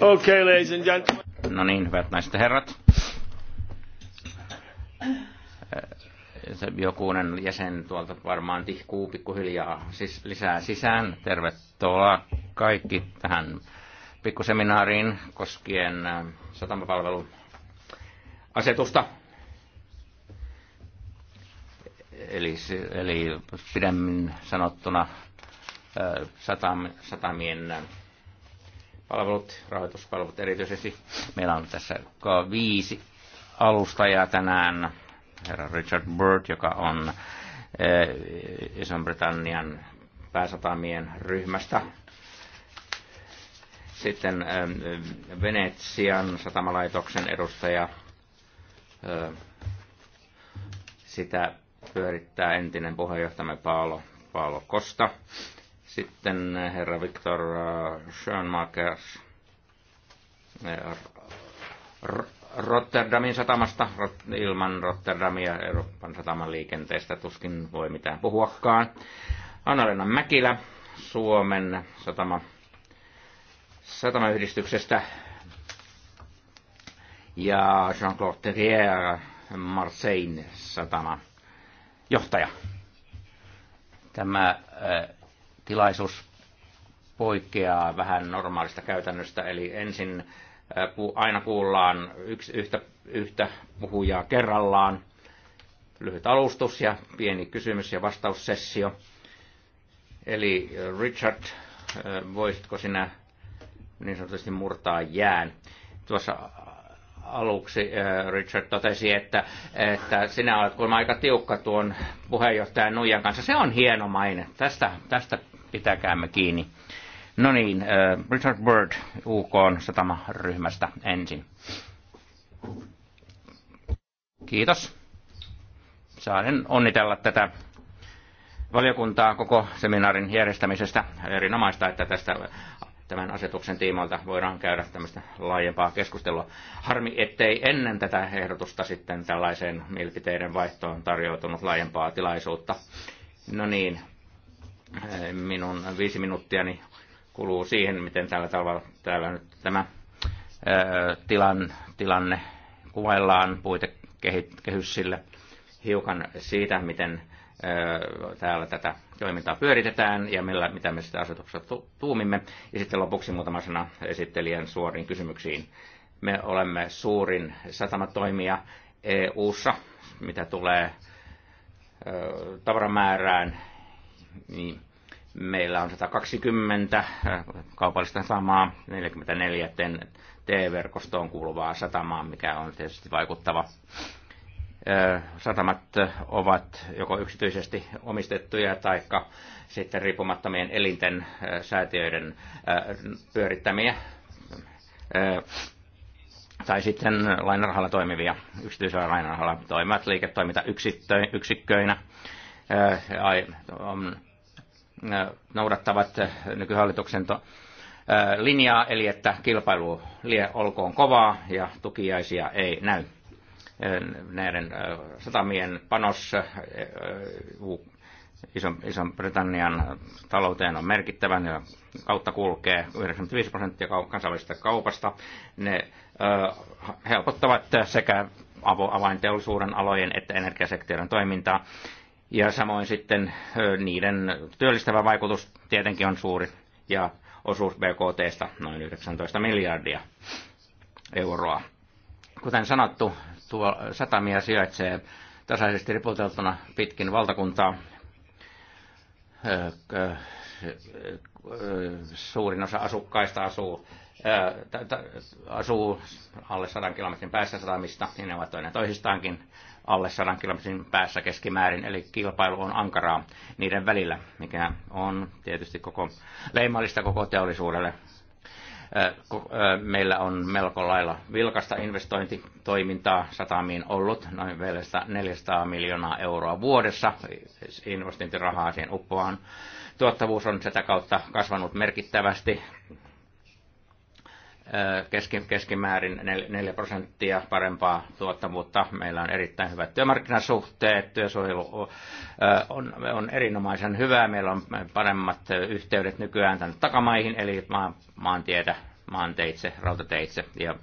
Okay, ladies and gentlemen. No niin, hyvät naiset ja herrat. Äh, se jokunen jäsen tuolta varmaan tihkuu pikkuhiljaa siis lisää sisään. Tervetuloa kaikki tähän pikkuseminaariin koskien äh, satamapalveluasetusta. Eli, eli pidemmin sanottuna satamien palvelut, rahoituspalvelut erityisesti. Meillä on tässä viisi alustajaa tänään. Herra Richard Bird, joka on iso britannian pääsatamien ryhmästä. Sitten Venetsian satamalaitoksen edustaja sitä pyörittää entinen puheenjohtajamme Paolo, Paolo Kosta. Sitten eh, herra Viktor eh, Schönmakers eh, Rotterdamin satamasta, ilman Rotterdamia Euroopan sataman liikenteestä tuskin voi mitään puhuakaan. Annalena Mäkilä Suomen satama, satamayhdistyksestä ja Jean-Claude Terrier Marseille satama johtaja. Tämä äh, tilaisuus poikkeaa vähän normaalista käytännöstä, eli ensin äh, aina kuullaan yks, yhtä, yhtä puhujaa kerrallaan, lyhyt alustus ja pieni kysymys- ja vastaussessio. Eli äh, Richard, voisitko sinä niin sanotusti murtaa jään? Tuossa aluksi äh, Richard totesi, että, että sinä olet kuulemma aika tiukka tuon puheenjohtajan Nuijan kanssa. Se on hieno maine. Tästä, tästä pitäkäämme kiinni. No niin, äh, Richard Bird UK satamaryhmästä ensin. Kiitos. Saan onnitella tätä valiokuntaa koko seminaarin järjestämisestä. Erinomaista, että tästä tämän asetuksen tiimoilta voidaan käydä tämmöistä laajempaa keskustelua. Harmi, ettei ennen tätä ehdotusta sitten tällaiseen mielipiteiden vaihtoon tarjoutunut laajempaa tilaisuutta. No niin, minun viisi minuuttiani kuluu siihen, miten tällä tavalla täällä nyt tämä tilan, tilanne kuvaillaan puitekehyssille hiukan siitä, miten täällä tätä toimintaa pyöritetään ja millä, mitä me sitä asetuksessa tu- tuumimme. Ja sitten lopuksi muutama sana esittelijän suoriin kysymyksiin. Me olemme suurin satamatoimija EU-ssa, mitä tulee tavaramäärään, niin meillä on 120 kaupallista satamaa, 44 T-verkostoon kuuluvaa satamaa, mikä on tietysti vaikuttava satamat ovat joko yksityisesti omistettuja tai sitten riippumattomien elinten säätiöiden pyörittämiä tai sitten lainarahalla toimivia, yksityisellä lainarahalla toimivat liiketoimintayksikköinä noudattavat nykyhallituksen linjaa, eli että kilpailu lie olkoon kovaa ja tukiaisia ei näy näiden satamien panos Ison-Britannian talouteen on merkittävä, ja kautta kulkee 95 prosenttia kansainvälisestä kaupasta. Ne helpottavat sekä avainteollisuuden alojen että energiasektorin toimintaa. Ja samoin sitten niiden työllistävä vaikutus tietenkin on suuri ja osuus BKTstä noin 19 miljardia euroa. Kuten sanottu, tuo satamia sijaitsee tasaisesti ripoteltuna pitkin valtakuntaa. Suurin osa asukkaista asuu, asuu alle 100 kilometrin päässä satamista, niin ne ovat toinen toisistaankin alle 100 kilometrin päässä keskimäärin, eli kilpailu on ankaraa niiden välillä, mikä on tietysti koko leimallista koko teollisuudelle meillä on melko lailla vilkasta investointitoimintaa satamiin ollut, noin 400 miljoonaa euroa vuodessa siis investointirahaa siihen uppoaan. Tuottavuus on sitä kautta kasvanut merkittävästi keskimäärin 4 prosenttia parempaa tuottavuutta. Meillä on erittäin hyvät työmarkkinasuhteet, työsuojelu on, on erinomaisen hyvää, meillä on paremmat yhteydet nykyään tänne takamaihin, eli maan, maantietä, maanteitse, rautateitse ja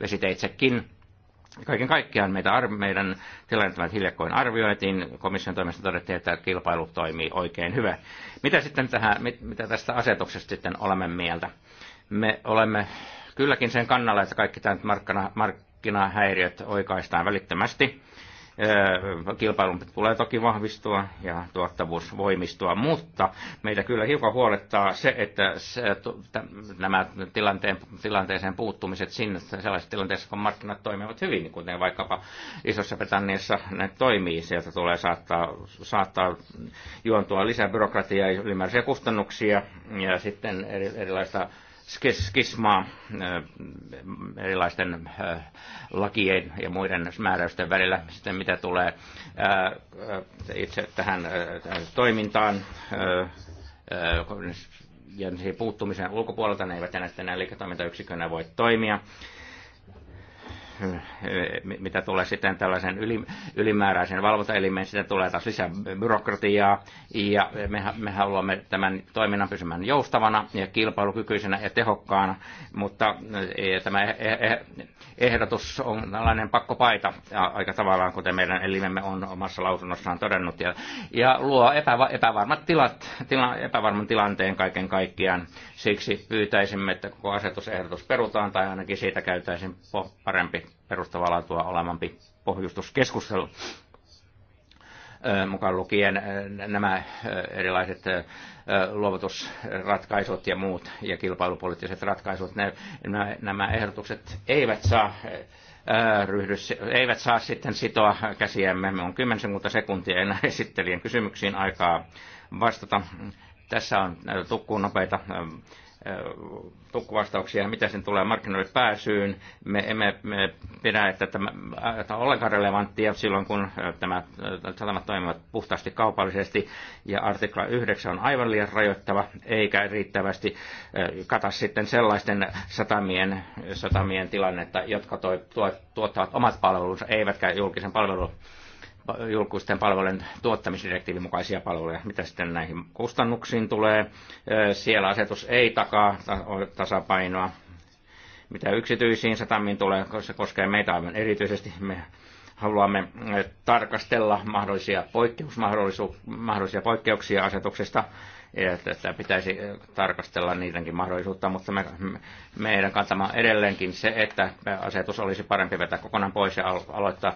vesiteitsekin. Kaiken kaikkiaan meitä arv- meidän tilannetta hiljakkoin arvioitiin. Komission toimesta todettiin, että kilpailu toimii oikein hyvä. Mitä sitten tähän, mit, mitä tästä asetuksesta sitten olemme mieltä? Me olemme kylläkin sen kannalla, että kaikki tämän markkina, markkinahäiriöt oikaistaan välittömästi. Kilpailun tulee toki vahvistua ja tuottavuus voimistua, mutta meitä kyllä hiukan huolettaa se, että se, nämä tilanteen, tilanteeseen puuttumiset sinne sellaisessa tilanteessa, kun markkinat toimivat hyvin, niin kuten vaikkapa Isossa Britanniassa ne toimii, sieltä tulee saattaa, saattaa juontua lisää byrokratiaa ja ylimääräisiä kustannuksia ja sitten erilaista skismaa äh, erilaisten äh, lakien ja muiden määräysten välillä, sitten mitä tulee äh, itse tähän toimintaan ja puuttumisen ulkopuolelta, ne eivät enää, enää liiketoimintayksikönä voi toimia. Eh, mitä tulee sitten tällaisen ylimääräisen valvontaelimeen, sitä tulee taas lisää byrokratiaa, ja me, me haluamme tämän toiminnan pysymään joustavana ja kilpailukykyisenä ja tehokkaana, mutta eh, eh, tämä ehdotus on tällainen pakkopaita aika tavallaan, kuten meidän elimemme on omassa lausunnossaan todennut, ja, ja luo epäva, epävarmat tilat, tila, epävarman tilanteen kaiken kaikkiaan. Siksi pyytäisimme, että koko asetusehdotus perutaan tai ainakin siitä käytäisiin parempi perustavaa laatua olemampi pohjustuskeskustelu mukaan lukien nämä erilaiset luovutusratkaisut ja muut ja kilpailupoliittiset ratkaisut, ne, nämä ehdotukset eivät saa ryhdy, eivät saa sitten sitoa käsiämme. Me on kymmenkunta sekuntia enää esittelijän kysymyksiin aikaa vastata. Tässä on tukkuun nopeita tukkuvastauksia, mitä sen tulee markkinoille pääsyyn. Me emme me pidä, että tämä, tämä on ollenkaan relevanttia silloin, kun tämä, satamat toimivat puhtaasti kaupallisesti. Ja artikla 9 on aivan liian rajoittava, eikä riittävästi kata sitten sellaisten satamien, satamien tilannetta, jotka toi, tuo, tuottavat omat palvelunsa, eivätkä julkisen palvelun julkusten palvelujen tuottamisdirektiivin mukaisia palveluja. Mitä sitten näihin kustannuksiin tulee? Siellä asetus ei takaa tasapainoa. Mitä yksityisiin satamiin tulee, se koskee meitä aivan erityisesti. Me haluamme tarkastella mahdollisia, poikkeusmahdollisuuksia, mahdollisia poikkeuksia asetuksesta että pitäisi tarkastella niidenkin mahdollisuutta, mutta me, meidän kantama edelleenkin se, että asetus olisi parempi vetää kokonaan pois ja aloittaa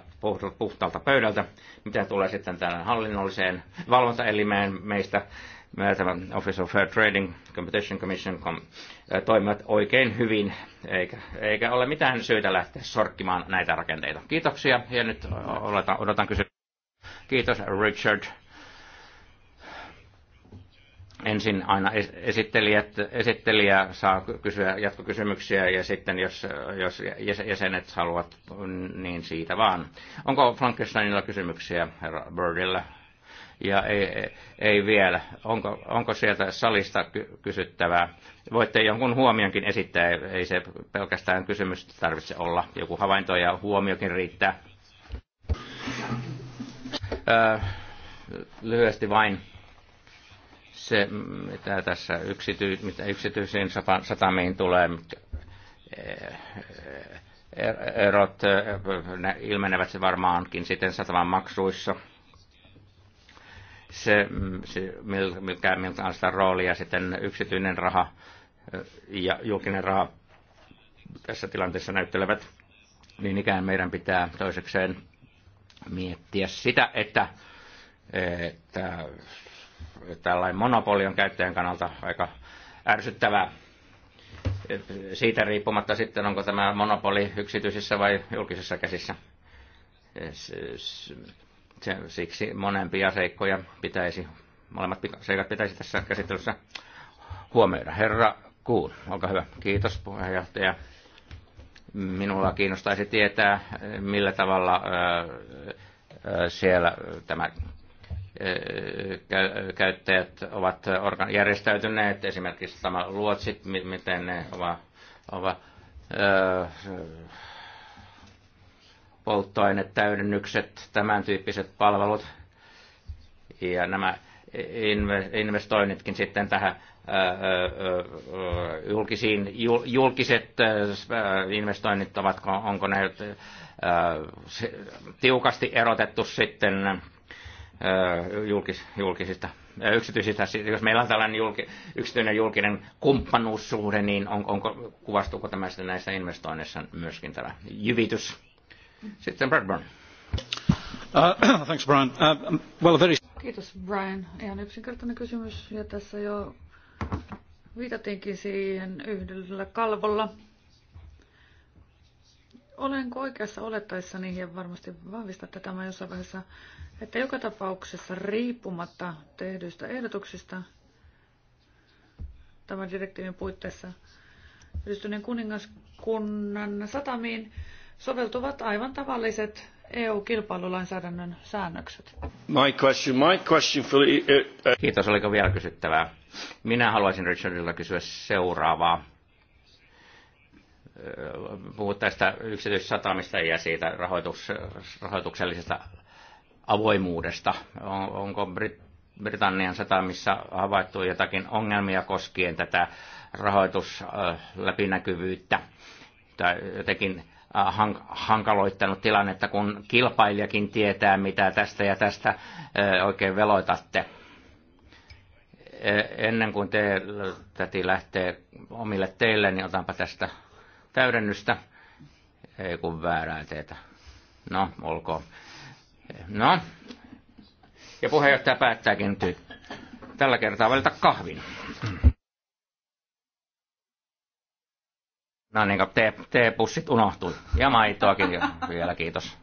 puhtaalta pöydältä, mitä tulee sitten tähän hallinnolliseen valvontaelimeen meistä, tämä Office of Fair Trading Competition Commission kom, toimivat oikein hyvin, eikä, eikä ole mitään syytä lähteä sorkkimaan näitä rakenteita. Kiitoksia ja nyt odotan, odotan kysymyksiä. Kiitos Richard ensin aina esittelijät, esittelijä saa kysyä jatkokysymyksiä ja sitten jos, jos jäsenet haluavat, niin siitä vaan. Onko Frankensteinilla kysymyksiä herra Birdillä? Ja ei, ei vielä. Onko, onko sieltä salista kysyttävää? Voitte jonkun huomionkin esittää, ei se pelkästään kysymys tarvitse olla. Joku havainto ja huomiokin riittää. Öö, lyhyesti vain se, mitä tässä yksity, mitä yksityisiin satamiin tulee, eh, eh, erot eh, ne ilmenevät se varmaankin sitten sataman maksuissa. Se, se mikä, miltä on sitä roolia sitten yksityinen raha ja julkinen raha tässä tilanteessa näyttelevät, niin ikään meidän pitää toisekseen miettiä sitä, että, että tällainen monopoli on käyttäjän kannalta aika ärsyttävää. Siitä riippumatta sitten, onko tämä monopoli yksityisissä vai julkisissa käsissä. Siksi monempia seikkoja pitäisi, molemmat seikat pitäisi tässä käsittelyssä huomioida. Herra Kuun, olkaa hyvä. Kiitos puheenjohtaja. Minulla kiinnostaisi tietää, millä tavalla siellä tämä käyttäjät ovat järjestäytyneet, esimerkiksi sama luotsit, miten ne ovat, ovat polttoainetäydennykset, tämän tyyppiset palvelut ja nämä investoinnitkin sitten tähän julkisiin, julkiset investoinnit, ovatko, onko ne tiukasti erotettu sitten julkis, julkisista, yksityisistä, jos meillä on tällainen julki, yksityinen julkinen kumppanuussuhde, niin on, onko, kuvastuuko tämä sitten näissä investoinneissa myöskin tämä jyvitys? Sitten Bradburn. Uh, thanks Brian. Uh, well, very... Kiitos Brian. Ihan yksinkertainen kysymys ja tässä jo viitatinkin siihen yhdellä kalvolla. Olenko oikeassa olettaessani, ja varmasti tätä mä jossain vaiheessa, että joka tapauksessa riippumatta tehdyistä ehdotuksista tämän direktiivin puitteissa yhdistyneen kuningaskunnan satamiin soveltuvat aivan tavalliset EU-kilpailulainsäädännön säännökset. My question, my question for... Uh, uh, Kiitos, oliko vielä kysyttävää? Minä haluaisin Richardilta kysyä seuraavaa puhut tästä yksityissatamista ja siitä rahoitus, rahoituksellisesta avoimuudesta. On, onko Brit, Britannian satamissa havaittu jotakin ongelmia koskien tätä rahoitusläpinäkyvyyttä äh, tai jotenkin äh, hankaloittanut tilannetta, kun kilpailijakin tietää, mitä tästä ja tästä äh, oikein veloitatte. Ennen kuin te, täti lähtee omille teille, niin otanpa tästä täydennystä, ei kun väärää teetä. No, olkoon. No, ja puheenjohtaja päättääkin nyt tällä kertaa valita kahvin. No niin, t teepussit unohtui. Ja maitoakin jo. vielä, kiitos.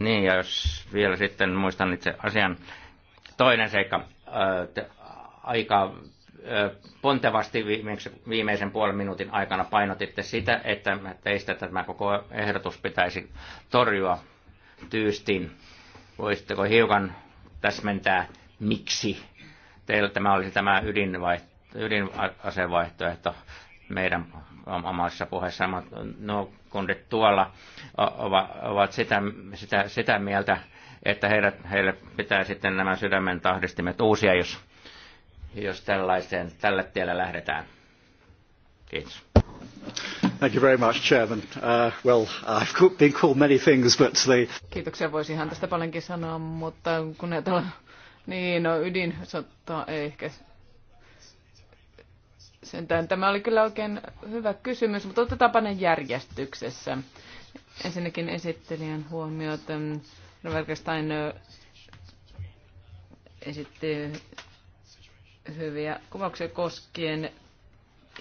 Niin, ja jos vielä sitten muistan itse asian toinen seikka aika pontevasti viimeisen puolen minuutin aikana painotitte sitä, että teistä tämä koko ehdotus pitäisi torjua tyystin. Voisitteko hiukan täsmentää, miksi teillä tämä olisi tämä ydinasevaihtoehto meidän omassa puheessa. Nuo kundit tuolla ovat sitä, sitä, sitä mieltä, että heidät, heille pitää sitten nämä sydämen tahdistimet uusia, jos jos tällaiseen, tällä tiellä lähdetään. Kiitos. Thank you very much, Chairman. Uh, well, I've been called many things, but the... Kiitoksia, voisi ihan tästä paljonkin sanoa, mutta kun näitä niin no ei ehkä sentään. Tämä oli kyllä oikein hyvä kysymys, mutta otetaanpa ne järjestyksessä. Ensinnäkin esittelijän huomiot. Stein esitti hyviä kuvauksia koskien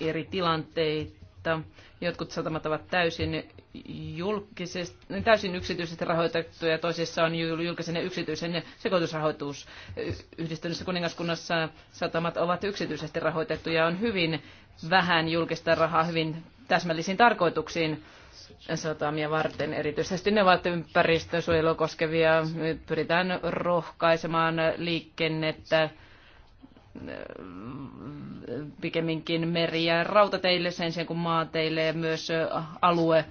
eri tilanteita. Jotkut satamat ovat täysin, julkisesti, niin täysin yksityisesti rahoitettuja, toisissa on julkisen ja yksityisen sekoitusrahoitus. Yhdistyneessä kuningaskunnassa satamat ovat yksityisesti rahoitettuja, on hyvin vähän julkista rahaa hyvin täsmällisiin tarkoituksiin satamia varten. Erityisesti ne ovat ympäristösuojelua koskevia. Pyritään rohkaisemaan liikennettä pikemminkin meri- ja rautateille sen sijaan kuin maateille ja myös alue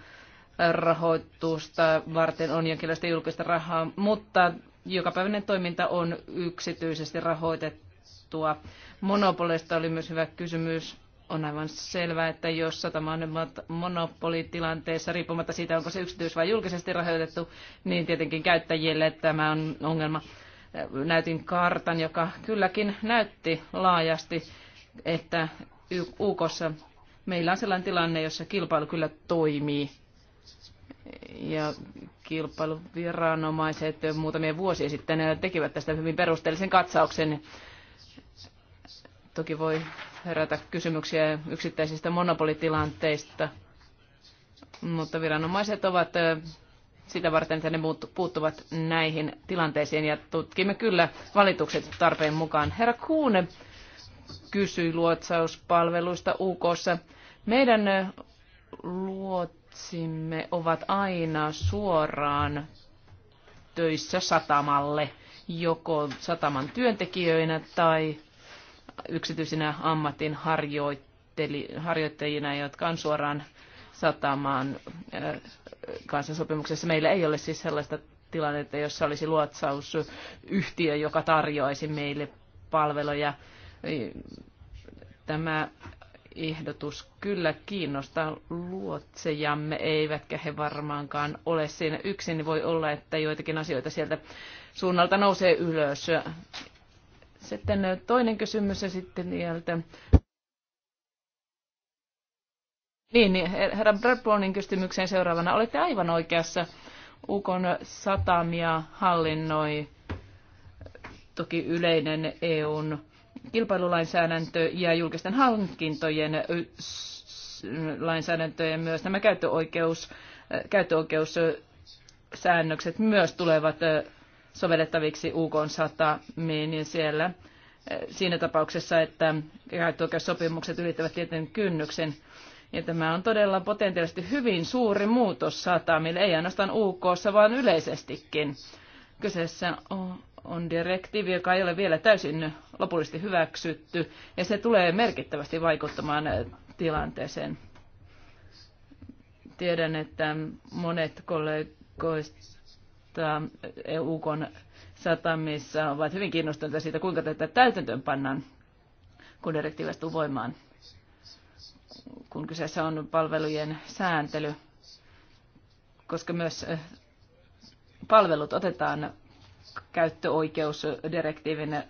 rahoitusta varten on jonkinlaista julkista rahaa, mutta jokapäiväinen toiminta on yksityisesti rahoitettua. Monopolista oli myös hyvä kysymys. On aivan selvää, että jos satama on monopolitilanteessa, riippumatta siitä, onko se yksityis- vai julkisesti rahoitettu, niin tietenkin käyttäjille tämä on ongelma näytin kartan, joka kylläkin näytti laajasti, että UKssa meillä on sellainen tilanne, jossa kilpailu kyllä toimii. Ja kilpailuviranomaiset muutamia vuosia sitten tekivät tästä hyvin perusteellisen katsauksen. Toki voi herätä kysymyksiä yksittäisistä monopolitilanteista, mutta viranomaiset ovat sitä varten, että ne puuttuvat näihin tilanteisiin ja tutkimme kyllä valitukset tarpeen mukaan. Herra Kuune kysyi luotsauspalveluista UKssa. Meidän luotsimme ovat aina suoraan töissä satamalle, joko sataman työntekijöinä tai yksityisinä ammatin harjoittajina, jotka on suoraan satamaan kansansopimuksessa. Meillä ei ole siis sellaista tilannetta, jossa olisi luotsausyhtiö, joka tarjoaisi meille palveluja. Tämä ehdotus kyllä kiinnostaa luotsejamme, eivätkä he varmaankaan ole siinä yksin. Voi olla, että joitakin asioita sieltä suunnalta nousee ylös. Sitten toinen kysymys sitten sieltä. Niin, niin herra Bradbornin kysymykseen seuraavana. Olette aivan oikeassa. UKon satamia hallinnoi toki yleinen EUn kilpailulainsäädäntö ja julkisten hankintojen lainsäädäntöjen myös nämä käyttöoikeus, käyttöoikeussäännökset myös tulevat sovellettaviksi UK 100 niin siellä siinä tapauksessa, että käyttöoikeussopimukset ylittävät tietyn kynnyksen. Ja tämä on todella potentiaalisesti hyvin suuri muutos saatamille, ei ainoastaan UK, vaan yleisestikin. Kyseessä on, direktiivi, joka ei ole vielä täysin lopullisesti hyväksytty, ja se tulee merkittävästi vaikuttamaan eh, tilanteeseen. Tiedän, että monet kollegoista EUKon satamissa ovat hyvin kiinnostuneita siitä, kuinka tätä täytäntöön pannaan, kun direktiivi astuu voimaan kun kyseessä on palvelujen sääntely, koska myös eh, palvelut otetaan käyttöoikeusdirektiivin eh,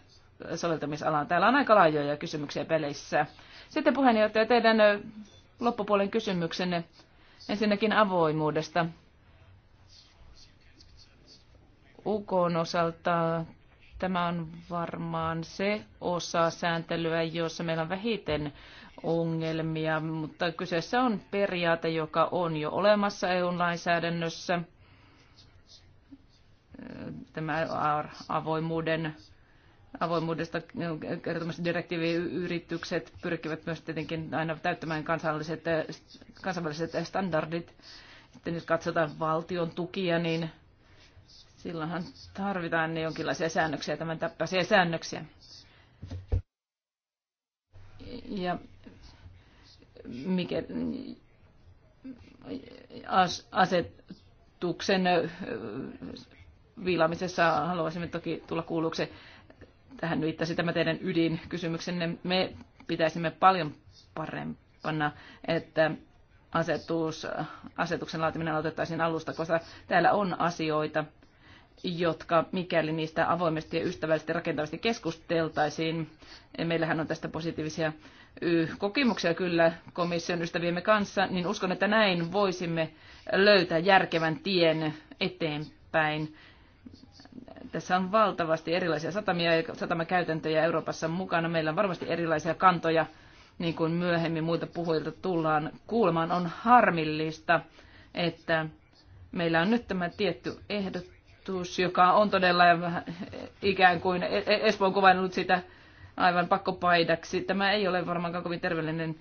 soveltamisalaan. Täällä on aika laajoja kysymyksiä pelissä. Sitten puheenjohtaja, teidän eh, loppupuolen kysymyksenne ensinnäkin avoimuudesta. UK osalta tämä on varmaan se osa sääntelyä, jossa meillä on vähiten ongelmia, mutta kyseessä on periaate, joka on jo olemassa EU-lainsäädännössä. Tämä avoimuuden avoimuudesta kertomassa direktiivi pyrkivät myös tietenkin aina täyttämään kansalliset, kansainväliset standardit. Sitten jos katsotaan valtion tukia, niin silloinhan tarvitaan ne jonkinlaisia säännöksiä, tämän täppäisiä säännöksiä. Ja mikä, as, asetuksen viilaamisessa haluaisimme toki tulla kuulluksi. Tähän nyt viittasi tämä teidän ydinkysymyksenne. Me pitäisimme paljon parempana, että asetus, asetuksen laatiminen aloitettaisiin alusta, koska täällä on asioita, jotka mikäli niistä avoimesti ja ystävällisesti rakentavasti keskusteltaisiin, meillähän on tästä positiivisia kokemuksia kyllä komission ystäviemme kanssa, niin uskon, että näin voisimme löytää järkevän tien eteenpäin. Tässä on valtavasti erilaisia satamia ja satamakäytäntöjä Euroopassa mukana. Meillä on varmasti erilaisia kantoja, niin kuin myöhemmin muilta puhujilta tullaan kuulemaan. On harmillista, että meillä on nyt tämä tietty ehdotus, joka on todella ikään kuin e- e- Espoon kuvannut sitä aivan pakkopaidaksi. Tämä ei ole varmaankaan kovin terveellinen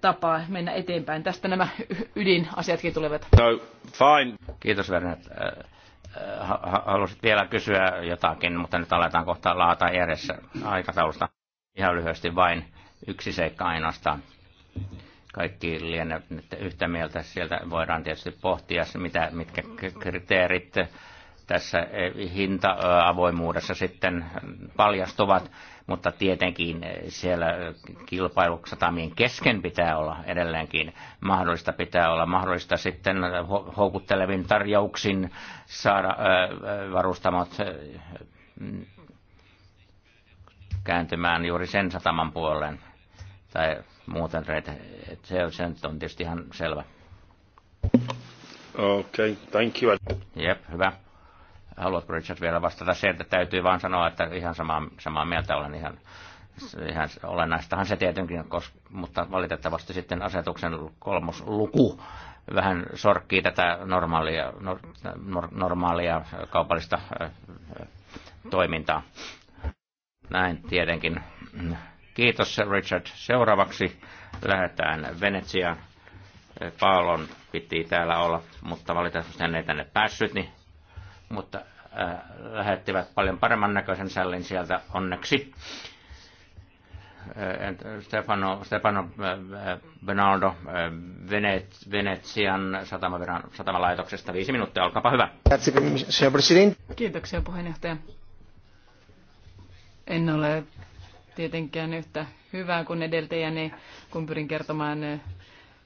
tapa mennä eteenpäin. Tästä nämä ydinasiatkin tulevat. No, fine. Kiitos Vernet. Äh, äh, Haluaisit vielä kysyä jotakin, mutta nyt aletaan kohta laata järjessä aikataulusta. Ihan lyhyesti vain yksi seikka ainoastaan. Kaikki lienevät yhtä mieltä. Sieltä voidaan tietysti pohtia, mitä, mitkä kriteerit tässä e, hinta-avoimuudessa e, sitten paljastuvat, mutta tietenkin e, siellä kilpailuksatamien kesken pitää olla edelleenkin mahdollista, pitää olla mahdollista sitten houkuttelevin tarjouksin saada varustamot kääntymään juuri sen sataman puoleen tai muuten, se, se on tietysti ihan selvä. Okei, okay, thank you. Jep, hyvä. Haluatko Richard vielä vastata se, että täytyy vaan sanoa, että ihan samaa, samaa mieltä olen ihan, ihan olennaistahan se tietenkin, koska, mutta valitettavasti sitten asetuksen kolmos luku vähän sorkkii tätä normaalia, nor, normaalia kaupallista äh, toimintaa. Näin tietenkin. Kiitos Richard. Seuraavaksi lähdetään Venetsiaan. Paalon piti täällä olla, mutta valitettavasti hän ei tänne päässyt, niin mutta äh, lähettivät paljon paremman näköisen sällin sieltä onneksi. Äh, Stefano, Stefano äh, äh, Bernardo, Venetsian Venetsian satamalaitoksesta. Viisi minuuttia, olkaapa hyvä. Kiitoksia puheenjohtaja. En ole tietenkään yhtä hyvää kuin edeltäjäni, kun pyrin kertomaan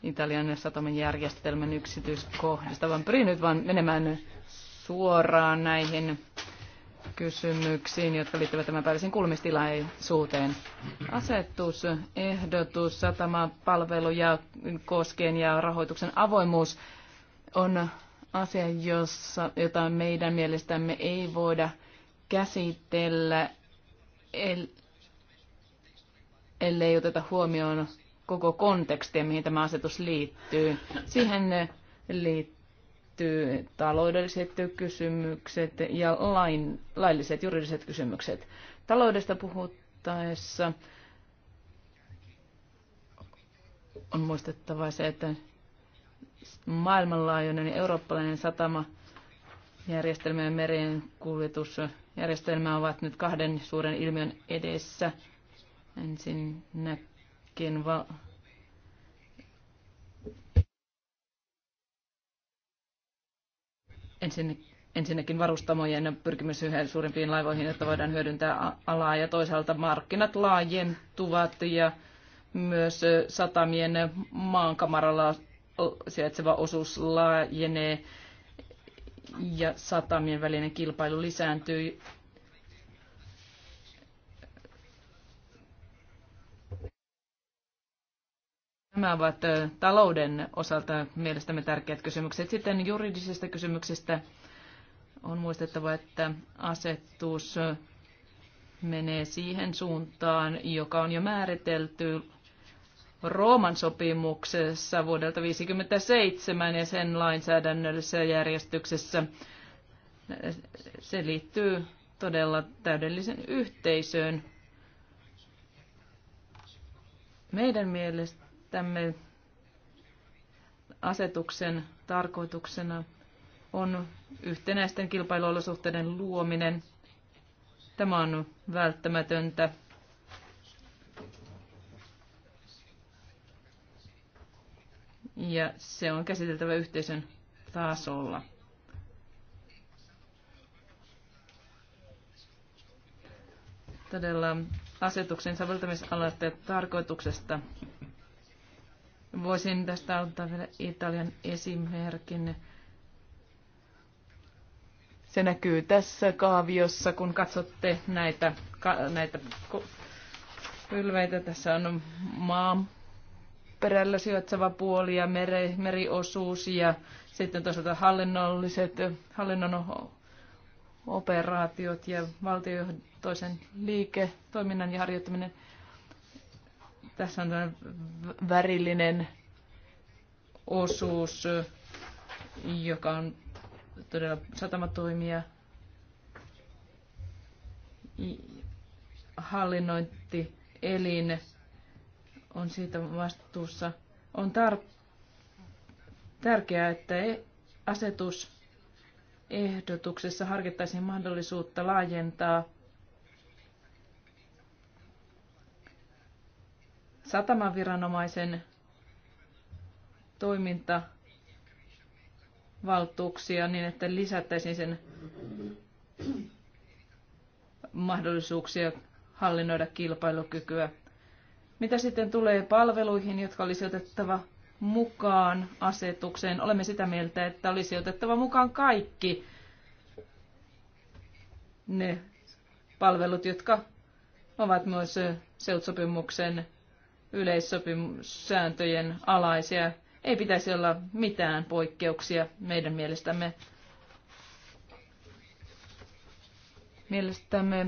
Italian sataman järjestelmän yksityiskohdista, vaan pyrin nyt vaan menemään suoraan näihin kysymyksiin, jotka liittyvät tämän päiväisen kulmistilaisuuteen, Asetus, ehdotus, satamapalveluja koskien ja rahoituksen avoimuus on asia, jossa, jota meidän mielestämme ei voida käsitellä, ellei oteta huomioon koko kontekstia, mihin tämä asetus liittyy. Siihen liittyy liittyy taloudelliset kysymykset ja lain, lailliset juridiset kysymykset. Taloudesta puhuttaessa on muistettava se, että maailmanlaajuinen eurooppalainen satama järjestelmä ja merien kuljetusjärjestelmä ovat nyt kahden suuren ilmiön edessä. Ensinnäkin va- ensin, ensinnäkin varustamojen pyrkimys yhden suurimpiin laivoihin, jotta voidaan hyödyntää alaa ja toisaalta markkinat laajentuvat ja myös satamien maankamaralla sijaitseva osuus laajenee ja satamien välinen kilpailu lisääntyy Nämä ovat talouden osalta mielestämme tärkeät kysymykset. Sitten juridisista kysymyksistä on muistettava, että asetus menee siihen suuntaan, joka on jo määritelty Rooman sopimuksessa vuodelta 1957 ja sen lainsäädännöllisessä järjestyksessä. Se liittyy todella täydellisen yhteisöön. Meidän mielestä Tämme asetuksen tarkoituksena on yhtenäisten kilpailuolosuhteiden luominen. Tämä on välttämätöntä. Ja se on käsiteltävä yhteisön tasolla. Todella asetuksen soveltamisalat tarkoituksesta Voisin tästä ottaa vielä Italian esimerkin. Se näkyy tässä kaaviossa, kun katsotte näitä, ka, näitä pylveitä. Tässä on maan perällä sijoitseva puoli ja mere, meriosuus ja sitten toisaalta hallinnolliset, hallinnon operaatiot ja valtiojohtoisen liike, toiminnan ja harjoittaminen – tässä on tämmöinen värillinen osuus, joka on todella satamatoimia, hallinnointielin on siitä vastuussa. On tar- tärkeää, että e- asetus ehdotuksessa harkittaisiin mahdollisuutta laajentaa satamaviranomaisen toimintavaltuuksia niin, että lisättäisiin sen mahdollisuuksia hallinnoida kilpailukykyä. Mitä sitten tulee palveluihin, jotka olisi otettava mukaan asetukseen? Olemme sitä mieltä, että olisi otettava mukaan kaikki ne palvelut, jotka ovat myös seutsopimuksen yleissopimussääntöjen alaisia. Ei pitäisi olla mitään poikkeuksia meidän mielestämme. Mielestämme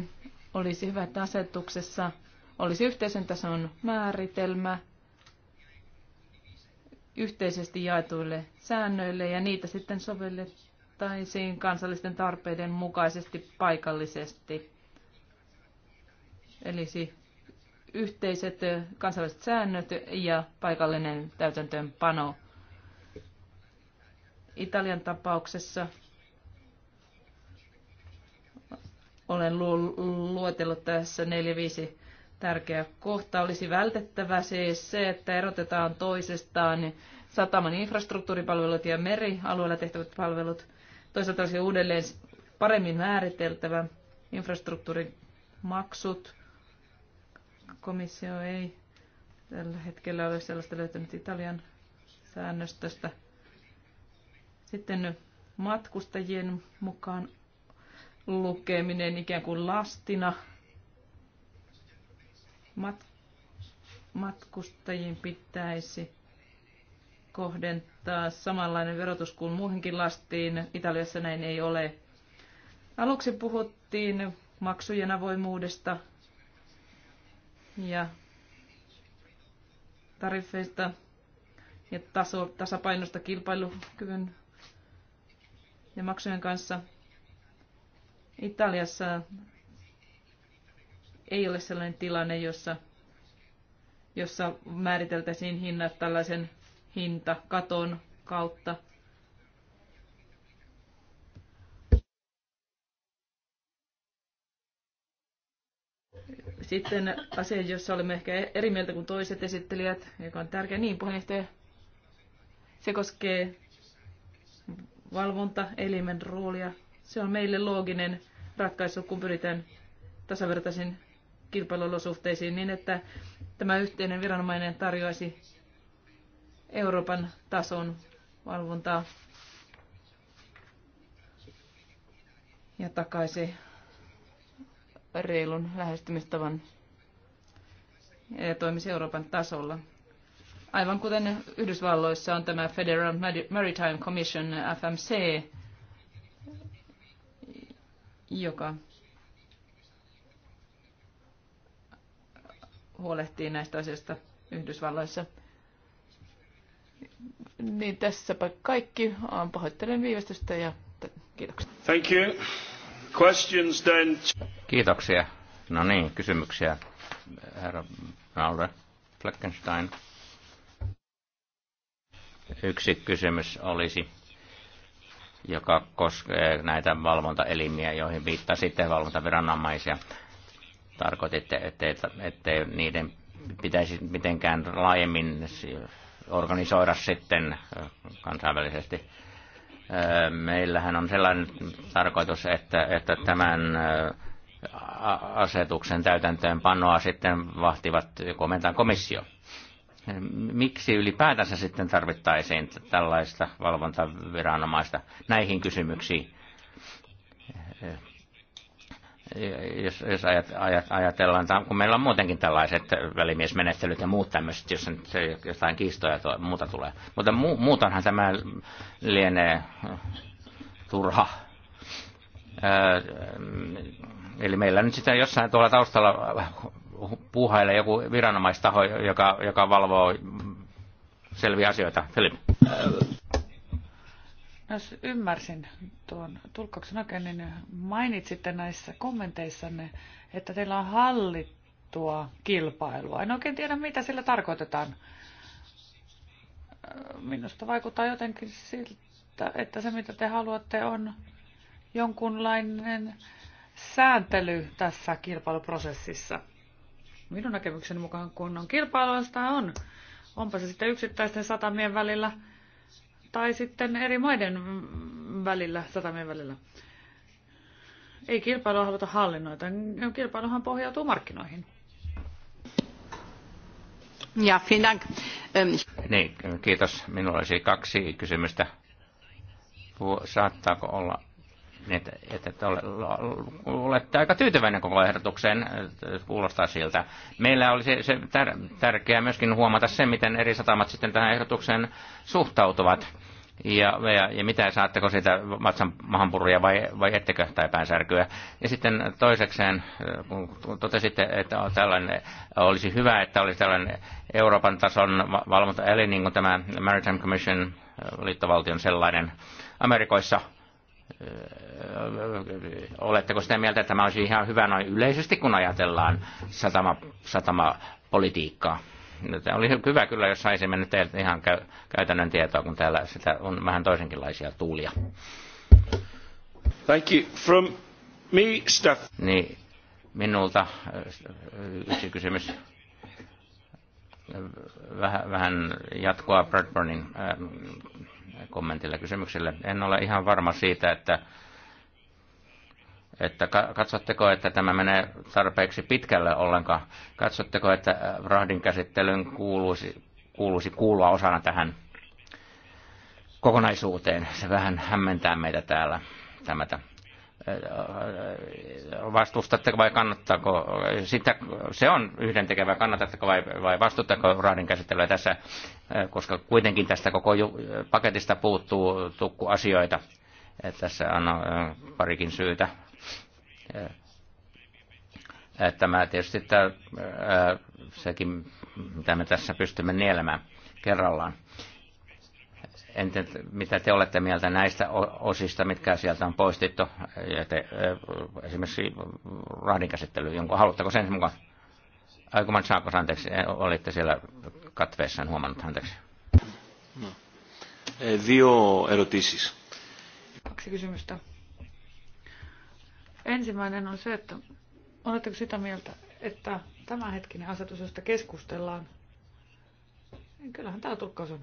olisi hyvä, että asetuksessa olisi yhteisen tason määritelmä yhteisesti jaetuille säännöille ja niitä sitten sovellettaisiin kansallisten tarpeiden mukaisesti paikallisesti. Eli yhteiset kansainväliset säännöt ja paikallinen täytäntöönpano. Italian tapauksessa olen luotellut tässä 4-5 tärkeää kohtaa. Olisi vältettävä siis se, että erotetaan toisestaan sataman infrastruktuuripalvelut ja merialueella tehtävät palvelut. Toisaalta olisi uudelleen paremmin määriteltävä infrastruktuurimaksut, komissio ei tällä hetkellä ole sellaista löytänyt Italian säännöstöstä. Sitten matkustajien mukaan lukeminen ikään kuin lastina. Mat- matkustajien pitäisi kohdentaa samanlainen verotus kuin muuhinkin lastiin. Italiassa näin ei ole. Aluksi puhuttiin maksujen avoimuudesta ja tariffeista ja taso, tasapainosta kilpailukyvyn ja maksujen kanssa. Italiassa ei ole sellainen tilanne, jossa, jossa määriteltäisiin hinnat tällaisen hintakaton kautta – Sitten asia, jossa olemme ehkä eri mieltä kuin toiset esittelijät, joka on tärkeä, niin puheenjohtaja, se koskee valvontaelimen roolia. Se on meille looginen ratkaisu, kun pyritään tasavertaisiin kilpailuolosuhteisiin niin, että tämä yhteinen viranomainen tarjoaisi Euroopan tason valvontaa ja takaisi reilun lähestymistavan ja toimisi Euroopan tasolla. Aivan kuten Yhdysvalloissa on tämä Federal Maritime Commission, FMC, joka huolehtii näistä asioista Yhdysvalloissa. Niin tässäpä kaikki. Pahoittelen viivästystä ja kiitoksia. Thank you. Questions then. Kiitoksia. No niin, kysymyksiä. Herra Naule Fleckenstein. Yksi kysymys olisi, joka koskee näitä valvontaelimiä, joihin viittasitte valvontaviranomaisia. Tarkoititte, ettei, ettei niiden pitäisi mitenkään laajemmin organisoida sitten kansainvälisesti Äh, meillähän on sellainen tarkoitus, että, että tämän äh, asetuksen täytäntöönpanoa sitten vahtivat komentaan komissio. Miksi ylipäätänsä sitten tarvittaisiin tällaista valvontaviranomaista näihin kysymyksiin? jos, jos ajatellaan, kun meillä on muutenkin tällaiset välimiesmenettelyt ja muut tämmöiset, jos nyt jotain kiistoja tuo, muuta tulee. Mutta mu, muutenhan tämä lienee turha. Eli meillä nyt sitten jossain tuolla taustalla puuhailee joku viranomaistaho, joka, joka valvoo selviä asioita. Filip jos ymmärsin tuon tulkkauksen oikein, niin mainitsitte näissä kommenteissanne, että teillä on hallittua kilpailua. En oikein tiedä, mitä sillä tarkoitetaan. Minusta vaikuttaa jotenkin siltä, että se mitä te haluatte on jonkunlainen sääntely tässä kilpailuprosessissa. Minun näkemykseni mukaan kun on kilpailua, sitä on. Onpa se sitten yksittäisten satamien välillä – tai sitten eri maiden välillä, satamien välillä. Ei kilpailua haluta hallinnoita. Niin kilpailuhan pohjautuu markkinoihin. Ja, vielen dank. Ähm, niin, kiitos. Minulla olisi kaksi kysymystä. Saattaako olla että, että ole, olette aika tyytyväinen koko ehdotukseen, kuulostaa siltä. Meillä oli se, se tär, tärkeää myöskin huomata se, miten eri satamat sitten tähän ehdotukseen suhtautuvat. Ja, ja, ja mitä saatteko siitä vatsan mahanpurria vai, vai ettekö tai päänsärkyä. Ja sitten toisekseen, kun totesitte, että tällainen, olisi hyvä, että olisi tällainen Euroopan tason valvonta, eli niin kuin tämä Maritime Commission, liittovaltion sellainen Amerikoissa – Öö, oletteko sitä mieltä, että tämä olisi ihan hyvä noin yleisesti, kun ajatellaan satama, satamapolitiikkaa? No, tämä oli hyvä kyllä, jos saisimme nyt teiltä ihan käytännön tietoa, kun täällä sitä on vähän toisenkinlaisia tuulia. Thank you. From me, Steph. Niin, minulta yksi kysymys. Vähän, vähän jatkoa Bradburnin kommentille kysymykselle. En ole ihan varma siitä, että, että katsotteko, että tämä menee tarpeeksi pitkälle ollenkaan. Katsotteko, että äh, rahdin käsittelyn kuuluisi, kuuluisi kuulua osana tähän kokonaisuuteen. Se vähän hämmentää meitä täällä tämätä vastustatteko vai kannattaako, sitä, se on yhdentekevä, kannatatteko vai, vai vastustatteko uranin käsittelyä tässä, koska kuitenkin tästä koko paketista puuttuu tukku asioita. Tässä on parikin syytä. Tämä tietysti tämä, sekin, mitä me tässä pystymme nielemään kerrallaan entä, mitä te olette mieltä näistä osista, mitkä sieltä on poistettu, te, esimerkiksi rahdin käsittely, jonkun, haluatteko sen mukaan? Aikuman Saakos, anteeksi, e, olitte siellä katveessa, en huomannut, anteeksi. No. E, δύο Kaksi kysymystä. Ensimmäinen on se, että oletteko sitä mieltä, että tämänhetkinen asetus, josta keskustellaan, niin kyllähän tämä tulkkaus on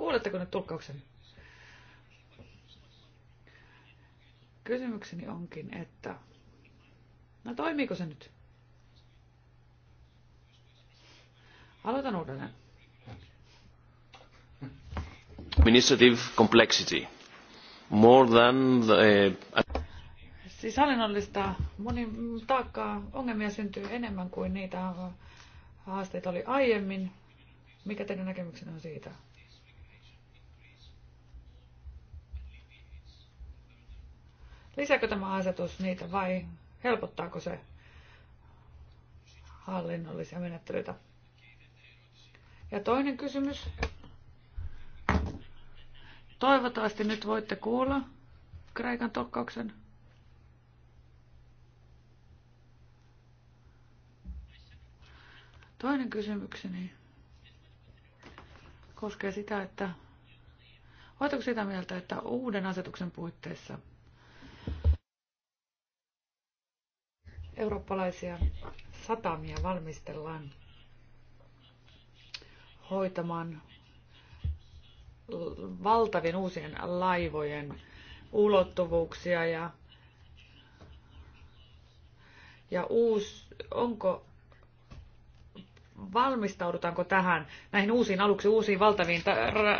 Kuuletteko nyt tulkkauksen? Kysymykseni onkin, että... No toimiiko se nyt? Aloitan uudelleen. Administrative complexity. More than the... Eh, siis hallinnollista moni taakkaa ongelmia syntyy enemmän kuin niitä haasteita oli aiemmin. Mikä teidän näkemyksenne on siitä? Lisääkö tämä asetus niitä vai helpottaako se hallinnollisia menettelyitä? Ja toinen kysymys. Toivottavasti nyt voitte kuulla Kreikan tokkauksen. Toinen kysymykseni koskee sitä, että oletko sitä mieltä, että uuden asetuksen puitteissa – eurooppalaisia satamia valmistellaan hoitamaan valtavien uusien laivojen ulottuvuuksia ja, ja uus, onko valmistaudutaanko tähän näihin uusiin aluksi uusiin valtaviin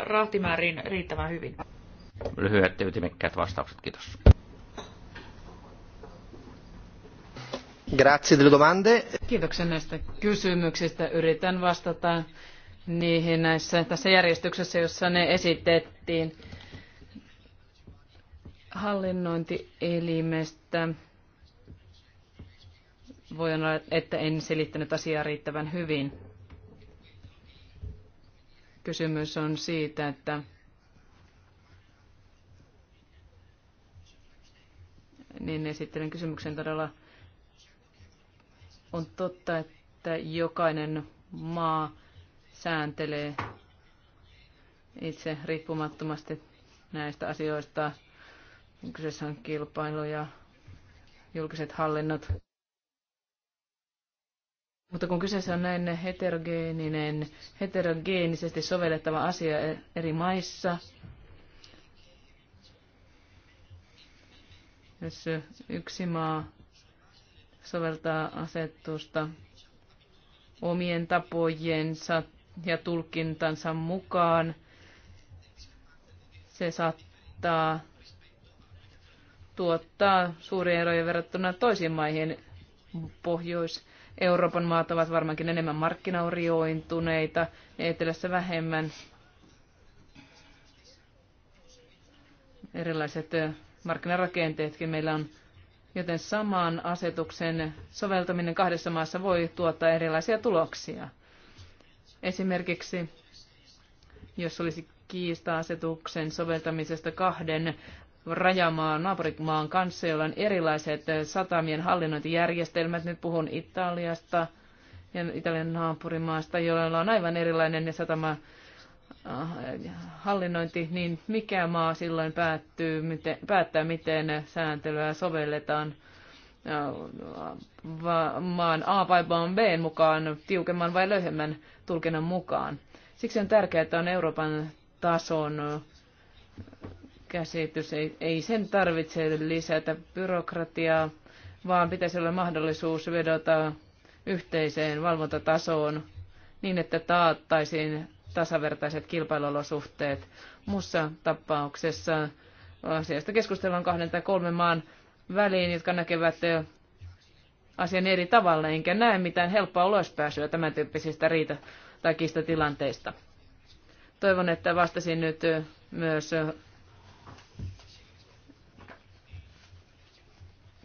rahtimääriin riittävän hyvin? Lyhyet ytimekkäät vastaukset, kiitos. Kiitoksia näistä kysymyksistä. Yritän vastata niihin näissä, tässä järjestyksessä, jossa ne esitettiin hallinnointielimestä. Voi olla, että en selittänyt asiaa riittävän hyvin. Kysymys on siitä, että niin esittelen kysymyksen todella on totta, että jokainen maa sääntelee itse riippumattomasti näistä asioista. Kyseessä on kilpailu ja julkiset hallinnot. Mutta kun kyseessä on näin heterogeeninen, heterogeenisesti sovellettava asia eri maissa, jos yksi maa soveltaa asetusta omien tapojensa ja tulkintansa mukaan. Se saattaa tuottaa suuria eroja verrattuna toisiin maihin. Pohjois-Euroopan maat ovat varmaankin enemmän markkinaoriointuneita, etelässä vähemmän. Erilaiset markkinarakenteetkin meillä on joten saman asetuksen soveltaminen kahdessa maassa voi tuottaa erilaisia tuloksia. Esimerkiksi jos olisi kiista-asetuksen soveltamisesta kahden rajamaan naapurimaan kanssa, jolla on erilaiset satamien hallinnointijärjestelmät. Nyt puhun Italiasta ja Italian naapurimaasta, jolla on aivan erilainen satama Äh, hallinnointi, niin mikä maa silloin päättyy, miten, päättää, miten sääntelyä sovelletaan äh, maan A vai maan B mukaan, tiukemman vai löyhemmän tulkinnan mukaan. Siksi on tärkeää, että on Euroopan tason käsitys. Ei, ei sen tarvitse lisätä byrokratiaa, vaan pitäisi olla mahdollisuus vedota yhteiseen valvontatasoon niin, että taattaisiin tasavertaiset kilpailuolosuhteet. Muussa tapauksessa asiasta keskustellaan kahden tai kolmen maan väliin, jotka näkevät asian eri tavalla, enkä näe mitään helppoa ulospääsyä tämän tyyppisistä riita tai kistatilanteista. Toivon, että vastasin nyt myös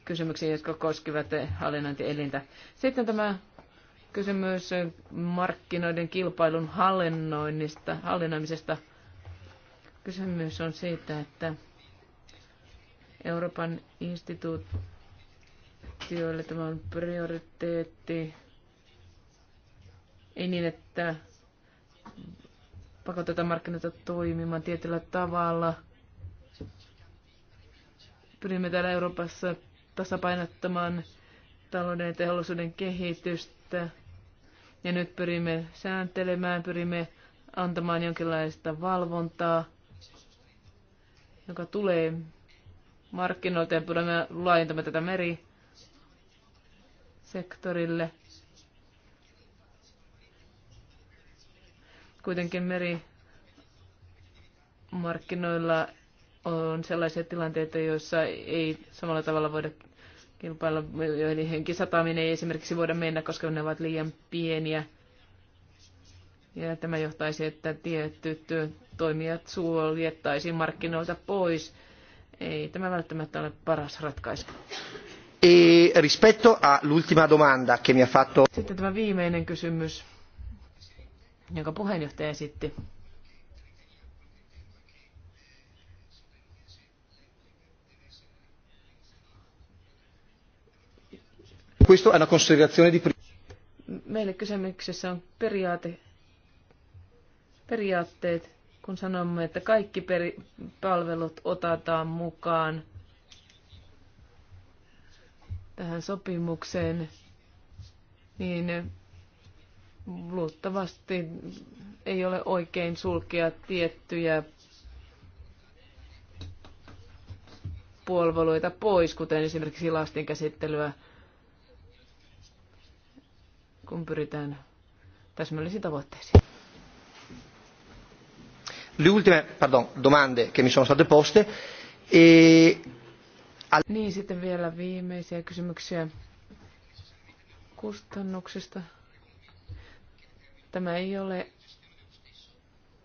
kysymyksiin, jotka koskivat hallinnointielintä. Sitten tämä myös markkinoiden kilpailun hallinnoinnista, hallinnoimisesta. Kysymys on siitä, että Euroopan instituutioille tämä on prioriteetti. Ei niin, että pakotetaan markkinoita toimimaan tietyllä tavalla. Pyrimme täällä Euroopassa tasapainottamaan talouden ja teollisuuden kehitystä ja nyt pyrimme sääntelemään, pyrimme antamaan jonkinlaista valvontaa, joka tulee markkinoilta ja pyrimme laajentamaan tätä merisektorille. Kuitenkin merimarkkinoilla on sellaisia tilanteita, joissa ei samalla tavalla voida kilpailla, joihin henkisataaminen, ei esimerkiksi voida mennä, koska ne ovat liian pieniä. Ja tämä johtaisi, että tietyt toimijat suoljettaisiin markkinoilta pois. Ei tämä välttämättä ole paras ratkaisu. E rispetto all'ultima domanda che mi ha fatto... Sitten tämä viimeinen kysymys, jonka puheenjohtaja esitti. Questo è una considerazione di... Meille kysymyksessä on periaate, periaatteet, kun sanomme, että kaikki peri, palvelut otetaan mukaan tähän sopimukseen, niin luultavasti ei ole oikein sulkea tiettyjä puolveluita pois, kuten esimerkiksi lastenkäsittelyä. käsittelyä kun pyritään täsmällisiin tavoitteisiin. Le ultime pardon, domande che mi sono state poste. E... Niin, sitten vielä viimeisiä kysymyksiä kustannuksista. Tämä ei ole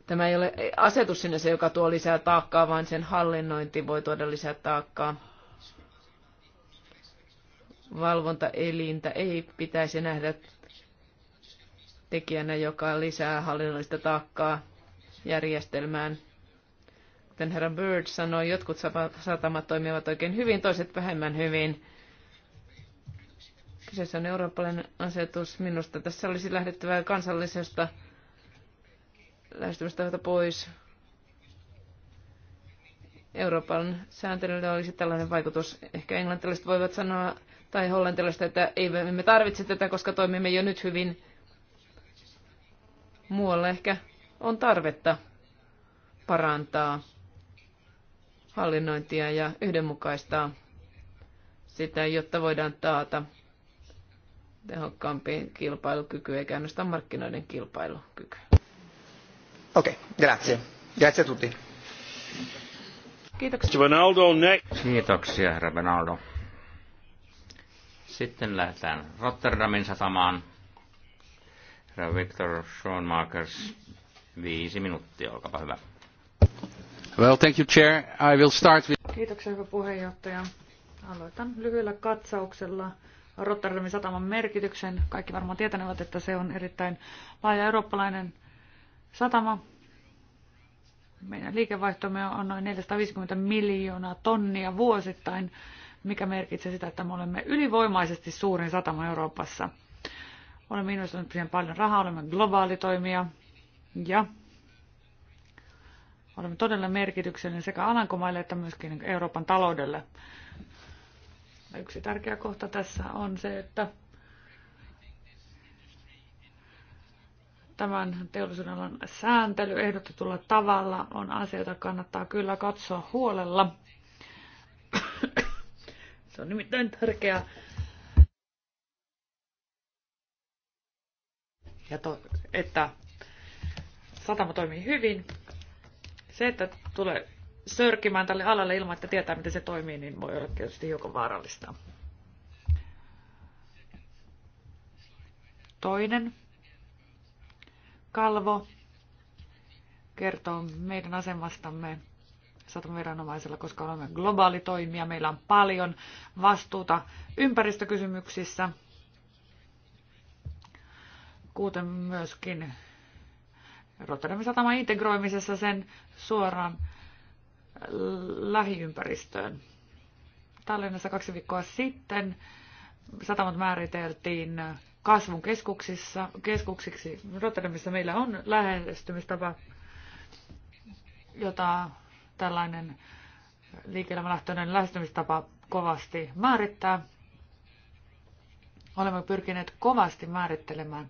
Tämä ei ole asetus sinne se, joka tuo lisää taakkaa, vaan sen hallinnointi voi tuoda lisää taakkaa. Valvontaelintä ei pitäisi nähdä tekijänä, joka lisää hallinnollista taakkaa järjestelmään. Kuten herra Bird sanoi, jotkut satamat toimivat oikein hyvin, toiset vähemmän hyvin. Kyseessä on eurooppalainen asetus. Minusta tässä olisi lähdettävä kansallisesta lähestymistavalta pois. Euroopan sääntelyllä olisi tällainen vaikutus. Ehkä englantilaiset voivat sanoa tai hollantilaiset, että ei, me tarvitse tätä, koska toimimme jo nyt hyvin muualla ehkä on tarvetta parantaa hallinnointia ja yhdenmukaistaa sitä, jotta voidaan taata tehokkaampi kilpailukyky eikä ainoastaan markkinoiden kilpailukyky. Okei, okay, grazie. Grazie tutti. Kiitoksia. Benaldo, Kiitoksia, herra Benaldo. Sitten lähdetään Rotterdamin satamaan. Herra Victor Schoenmakers, viisi minuuttia, olkaapa hyvä. Well, thank you, Chair. I will start with... Kiitoksia, hyvä puheenjohtaja. Aloitan lyhyellä katsauksella Rotterdamin sataman merkityksen. Kaikki varmaan tietävät, että se on erittäin laaja eurooppalainen satama. Meidän liikevaihtomme on noin 450 miljoonaa tonnia vuosittain, mikä merkitsee sitä, että me olemme ylivoimaisesti suurin satama Euroopassa – Olemme investoineet siihen paljon rahaa, olemme globaali toimija ja olemme todella merkityksellinen sekä Alankomaille että myöskin Euroopan taloudelle. Yksi tärkeä kohta tässä on se, että tämän teollisuuden sääntely ehdotetulla tavalla on asioita, kannattaa kyllä katsoa huolella. se on nimittäin tärkeää ja to, että satama toimii hyvin. Se, että tulee sörkimään tälle alalle ilman, että tietää, miten se toimii, niin voi olla tietysti hiukan vaarallista. Toinen kalvo kertoo meidän asemastamme satamaviranomaisella, koska olemme globaali toimija. Meillä on paljon vastuuta ympäristökysymyksissä kuten myöskin Rotterdamin sataman integroimisessa sen suoraan äh, lähiympäristöön. Tallinnassa kaksi viikkoa sitten satamat määriteltiin äh, kasvun keskuksissa, keskuksiksi. Rotterdamissa meillä on lähestymistapa, jota tällainen liike-elämälähtöinen lähestymistapa kovasti määrittää. Olemme pyrkineet kovasti määrittelemään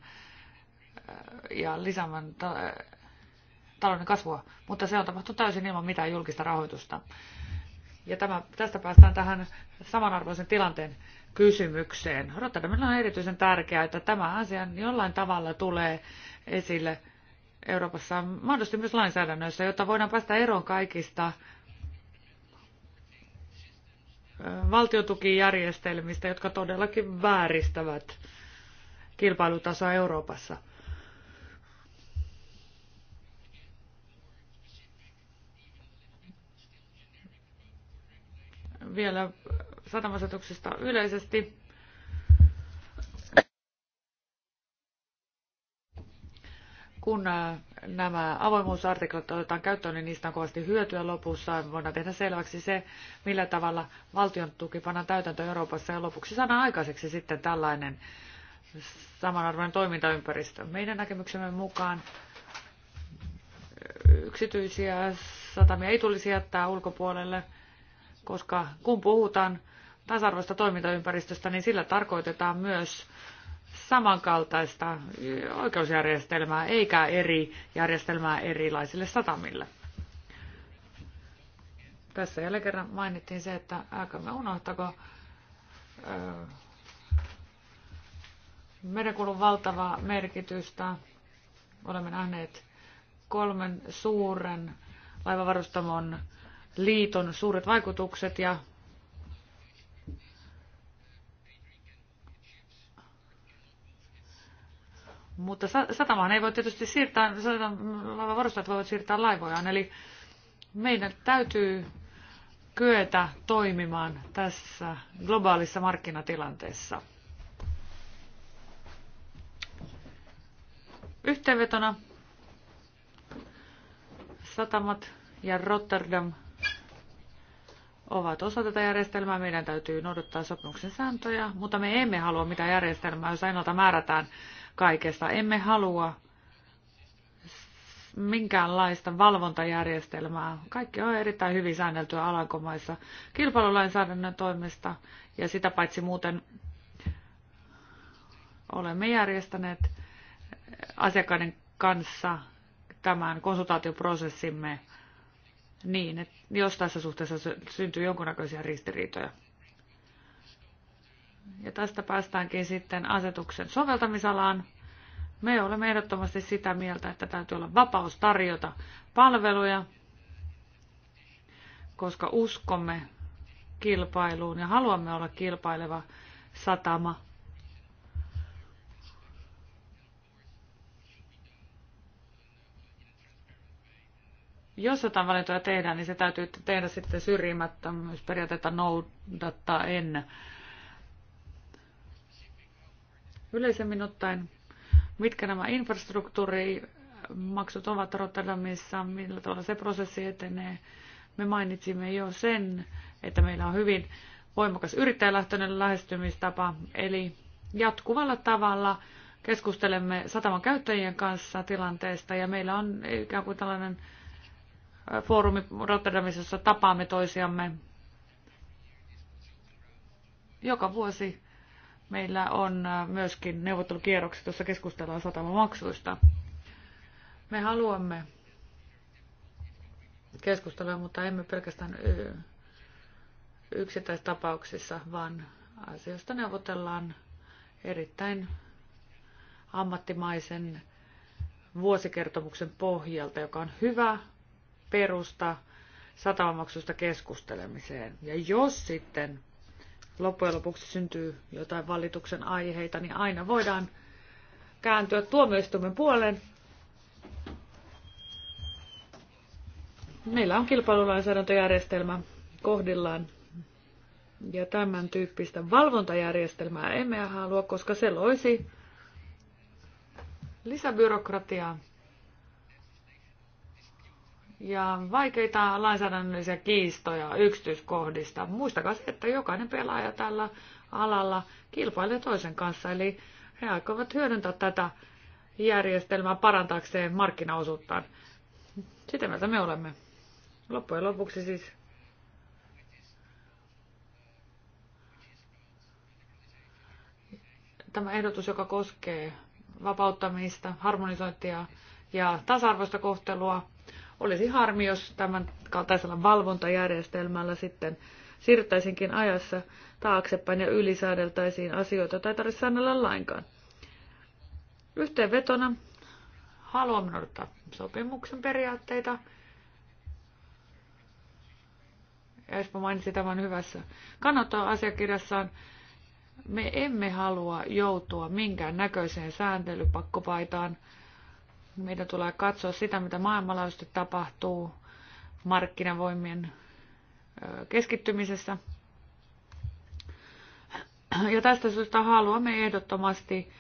ja lisäämään ta- talouden kasvua, mutta se on tapahtunut täysin ilman mitään julkista rahoitusta. Ja tämä, tästä päästään tähän samanarvoisen tilanteen kysymykseen. Rotterdamilla on erityisen tärkeää, että tämä asia jollain tavalla tulee esille Euroopassa, mahdollisesti myös lainsäädännössä, jotta voidaan päästä eroon kaikista valtiotukijärjestelmistä, jotka todellakin vääristävät kilpailutasoa Euroopassa. vielä satamasetuksesta yleisesti. Kun äh, nämä avoimuusartiklat otetaan käyttöön, niin niistä on kovasti hyötyä lopussa. Voidaan tehdä selväksi se, millä tavalla valtion tuki pannaan täytäntö Euroopassa ja lopuksi saadaan aikaiseksi sitten tällainen samanarvoinen toimintaympäristö. Meidän näkemyksemme mukaan yksityisiä satamia ei tulisi jättää ulkopuolelle – koska kun puhutaan tasa-arvoista toimintaympäristöstä, niin sillä tarkoitetaan myös samankaltaista oikeusjärjestelmää eikä eri järjestelmää erilaisille satamille. Tässä jälleen kerran mainittiin se, että älkäämme unohtako öö, merenkulun valtavaa merkitystä. Olemme nähneet kolmen suuren laivavarustamon liiton suuret vaikutukset ja Mutta satamaan ei voi tietysti siirtää, varustajat voivat siirtää laivojaan, eli meidän täytyy kyetä toimimaan tässä globaalissa markkinatilanteessa. Yhteenvetona satamat ja Rotterdam ovat osa tätä järjestelmää. Meidän täytyy noudattaa sopimuksen sääntöjä, mutta me emme halua mitään järjestelmää, jos ainoalta määrätään kaikesta. Emme halua minkäänlaista valvontajärjestelmää. Kaikki on erittäin hyvin säänneltyä alankomaissa kilpailulainsäädännön toimesta ja sitä paitsi muuten olemme järjestäneet asiakkaiden kanssa tämän konsultaatioprosessimme niin, että jos tässä suhteessa syntyy jonkunnäköisiä ristiriitoja. Ja tästä päästäänkin sitten asetuksen soveltamisalaan. Me olemme ehdottomasti sitä mieltä, että täytyy olla vapaus tarjota palveluja, koska uskomme kilpailuun ja haluamme olla kilpaileva satama Jos jotain valintoja tehdään, niin se täytyy tehdä sitten syrjimättä myös noudattaa ennen Yleisemmin ottaen, mitkä nämä infrastruktuurimaksut ovat Rotterdamissa, millä tavalla se prosessi etenee. Me mainitsimme jo sen, että meillä on hyvin voimakas yrittäjälähtöinen lähestymistapa, eli jatkuvalla tavalla keskustelemme sataman käyttäjien kanssa tilanteesta ja meillä on ikään kuin tällainen foorumi Rotterdamissa, tapaamme toisiamme. Joka vuosi meillä on äh, myöskin neuvottelukierrokset, jossa keskustellaan satamamaksuista. Me haluamme keskustella, mutta emme pelkästään yksittäistapauksissa, vaan asioista neuvotellaan erittäin ammattimaisen vuosikertomuksen pohjalta, joka on hyvä perusta satamamaksusta keskustelemiseen. Ja jos sitten loppujen lopuksi syntyy jotain valituksen aiheita, niin aina voidaan kääntyä tuomioistuimen puoleen. Meillä on kilpailulainsäädäntöjärjestelmä kohdillaan ja tämän tyyppistä valvontajärjestelmää emme halua, koska se loisi lisäbyrokratiaa ja vaikeita lainsäädännöllisiä kiistoja yksityiskohdista. Muistakaa se, että jokainen pelaaja tällä alalla kilpailee toisen kanssa, eli he aikovat hyödyntää tätä järjestelmää parantaakseen markkinaosuuttaan. Sitä mieltä me olemme. Loppujen lopuksi siis tämä ehdotus, joka koskee vapauttamista, harmonisointia ja tasa-arvoista kohtelua, olisi harmi, jos tämän kaltaisella valvontajärjestelmällä sitten siirryttäisinkin ajassa taaksepäin ja ylisäädeltäisiin asioita tai tarvitse säännellä lainkaan. Yhteenvetona haluamme noudattaa sopimuksen periaatteita. ja Espo mainitsi tämän hyvässä kannattaa asiakirjassaan. Me emme halua joutua minkään näköiseen sääntelypakkopaitaan. Meidän tulee katsoa sitä, mitä maailmanlaajuisesti tapahtuu markkinavoimien keskittymisessä. Ja tästä syystä haluamme ehdottomasti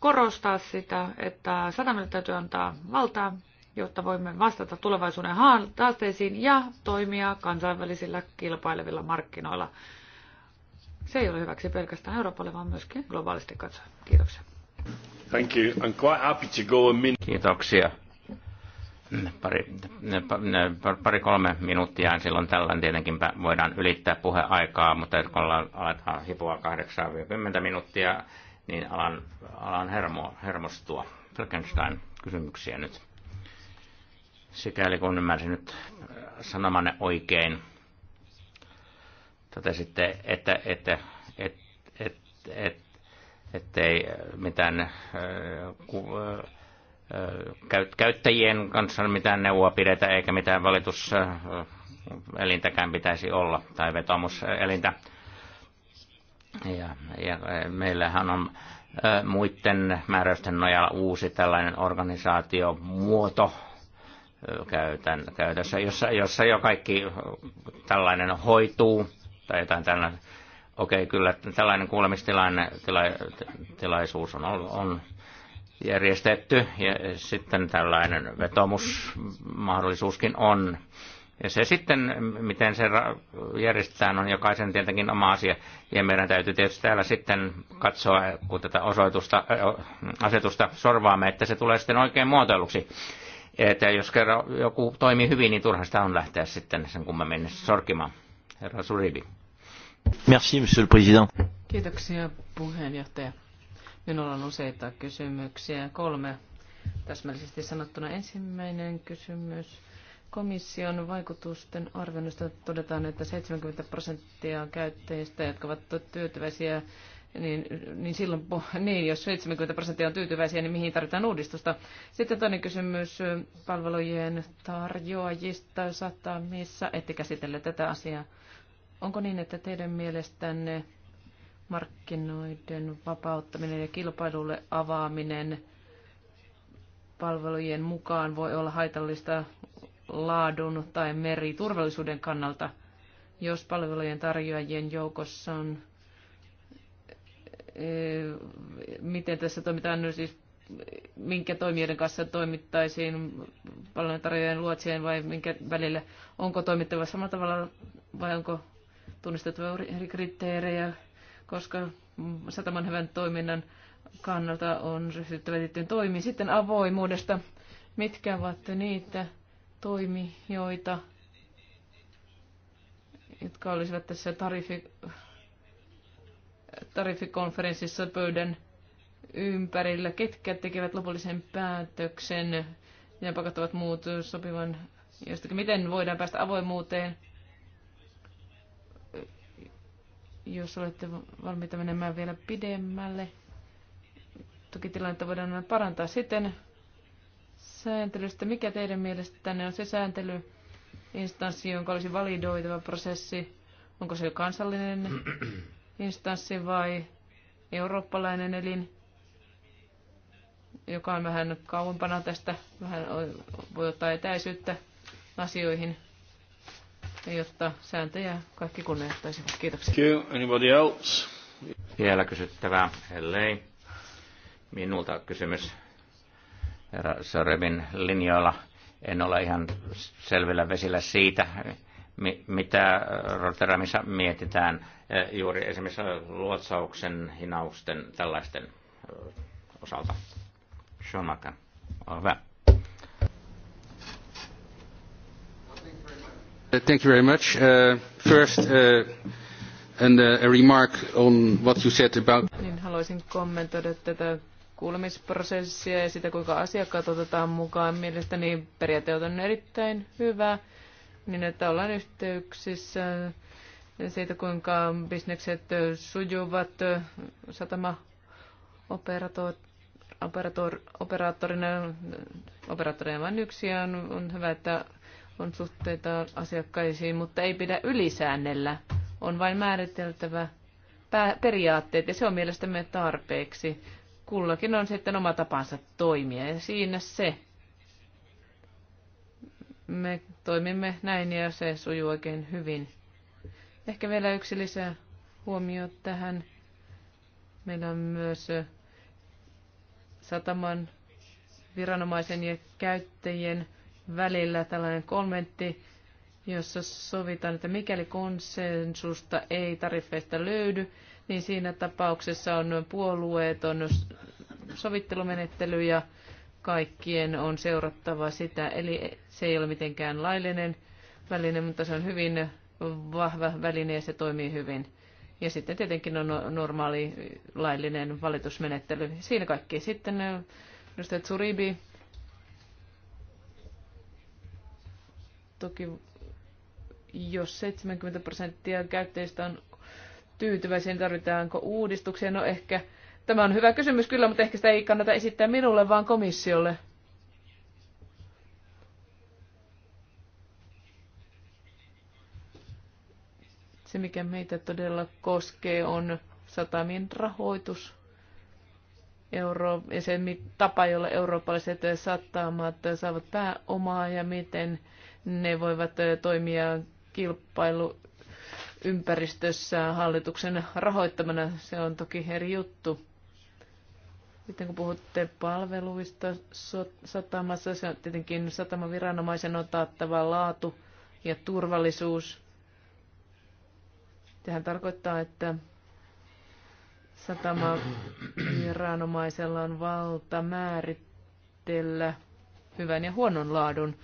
korostaa sitä, että satamille täytyy antaa valtaa, jotta voimme vastata tulevaisuuden haasteisiin ja toimia kansainvälisillä kilpailevilla markkinoilla. Se ei ole hyväksi pelkästään Euroopalle, vaan myöskin globaalisti katsoen. Kiitoksia. Thank you. I'm quite happy to go a minute. Kiitoksia. Pari, pari kolme minuuttia silloin tällöin tietenkin voidaan ylittää puheaikaa, mutta kun aletaan hipoa 80 minuuttia, niin alan, alan hermo, hermostua. Frankenstein kysymyksiä nyt. Sikäli kun ymmärsin nyt äh, sanomanne oikein, totesitte, että, että, että, että, että, ettei äh, mitään äh, äh, käyttäjien kanssa mitään neuvoa pidetä eikä mitään valituselintäkään pitäisi olla tai vetomuselintä. Ja, ja meillähän on muiden määräysten nojalla uusi tällainen organisaatiomuoto käytän, käytössä, jossa, jossa jo kaikki tällainen hoituu tai jotain tällainen Okei, okay, kyllä tällainen kuulemistilaisuus on, on järjestetty ja sitten tällainen vetomusmahdollisuuskin on. Ja se sitten, miten se järjestetään, on jokaisen tietenkin oma asia. Ja meidän täytyy tietysti täällä sitten katsoa, kun tätä osoitusta, asetusta sorvaamme, että se tulee sitten oikein muotoiluksi. Että jos kerran joku toimii hyvin, niin turha sitä on lähteä sitten sen kummemmin sorkimaan. Herra Suribi. Merci, monsieur le président. Kiitoksia, puheenjohtaja. Minulla on useita kysymyksiä. Kolme täsmällisesti sanottuna. Ensimmäinen kysymys. Komission vaikutusten arvioinnista todetaan, että 70 prosenttia käyttäjistä, jotka ovat tyytyväisiä, niin, niin silloin, niin jos 70 prosenttia on tyytyväisiä, niin mihin tarvitaan uudistusta? Sitten toinen kysymys palvelujen tarjoajista satamissa. Ette käsitellä tätä asiaa Onko niin, että teidän mielestänne markkinoiden vapauttaminen ja kilpailulle avaaminen palvelujen mukaan voi olla haitallista laadun tai meriturvallisuuden kannalta, jos palvelujen tarjoajien joukossa on, e, miten tässä toimitaan, no siis minkä toimijoiden kanssa toimittaisiin, palvelujen tarjoajien luotsien vai minkä välillä, onko toimittava samalla tavalla vai onko tunnistettava eri kriteerejä, koska sataman hyvän toiminnan kannalta on ryhdyttävä tiettyyn toimiin. Sitten avoimuudesta. Mitkä ovat niitä toimijoita, jotka olisivat tässä tarifi, tarifikonferenssissa pöydän ympärillä, ketkä tekevät lopullisen päätöksen ja pakottavat muut sopivan jostakin. Miten voidaan päästä avoimuuteen? jos olette valmiita menemään vielä pidemmälle. Toki tilannetta voidaan parantaa siten sääntelystä. Mikä teidän mielestä tänne on se sääntelyinstanssi, jonka olisi validoitava prosessi? Onko se kansallinen instanssi vai eurooppalainen elin, joka on vähän kauempana tästä, vähän voi ottaa etäisyyttä asioihin – jotta sääntöjä kaikki kunnioittaisivat. Kiitoksia. Thank Anybody else? Vielä kysyttävää, ellei. Minulta kysymys. Herra Sorebin linjoilla en ole ihan selvillä vesillä siitä, mitä Rotterdamissa mietitään eh, juuri esimerkiksi luotsauksen, hinausten, tällaisten eh, osalta. Schumacher, ole hyvä. Uh, thank you very much. Uh, first, uh, and, a remark on what you said about... Niin, haluaisin kommentoida tätä kuulemisprosessia ja sitä, kuinka asiakkaat otetaan mukaan. Mielestäni periaate on erittäin hyvä, niin että ollaan yhteyksissä siitä, kuinka bisnekset sujuvat satama operaattorina operaattorina vain yksi on, on hyvä, että on suhteita asiakkaisiin, mutta ei pidä ylisäännellä. On vain määriteltävä periaatteet ja se on mielestämme tarpeeksi. Kullakin on sitten oma tapansa toimia ja siinä se. Me toimimme näin ja se sujuu oikein hyvin. Ehkä vielä yksi lisää huomio tähän. Meillä on myös sataman viranomaisen ja käyttäjien välillä tällainen kommentti, jossa sovitaan, että mikäli konsensusta ei tarifeista löydy, niin siinä tapauksessa on puolueeton sovittelumenettely ja kaikkien on seurattava sitä. Eli se ei ole mitenkään laillinen väline, mutta se on hyvin vahva väline ja se toimii hyvin. Ja sitten tietenkin on normaali laillinen valitusmenettely. Siinä kaikki. Sitten äh, edustajat Suribi Toki jos 70 prosenttia käyttäjistä on tyytyväisiä, niin tarvitaanko uudistuksia? No ehkä tämä on hyvä kysymys kyllä, mutta ehkä sitä ei kannata esittää minulle, vaan komissiolle. Se, mikä meitä todella koskee, on satamien rahoitus. Euro, ja se tapa, jolla eurooppalaiset satamat saavat pääomaa ja miten ne voivat toimia kilpailuympäristössä hallituksen rahoittamana. Se on toki eri juttu. Sitten kun puhutte palveluista satamassa, se on tietenkin satamaviranomaisen on taattava laatu ja turvallisuus. Tähän tarkoittaa, että satamaviranomaisella on valta määrittää määritellä hyvän ja huonon laadun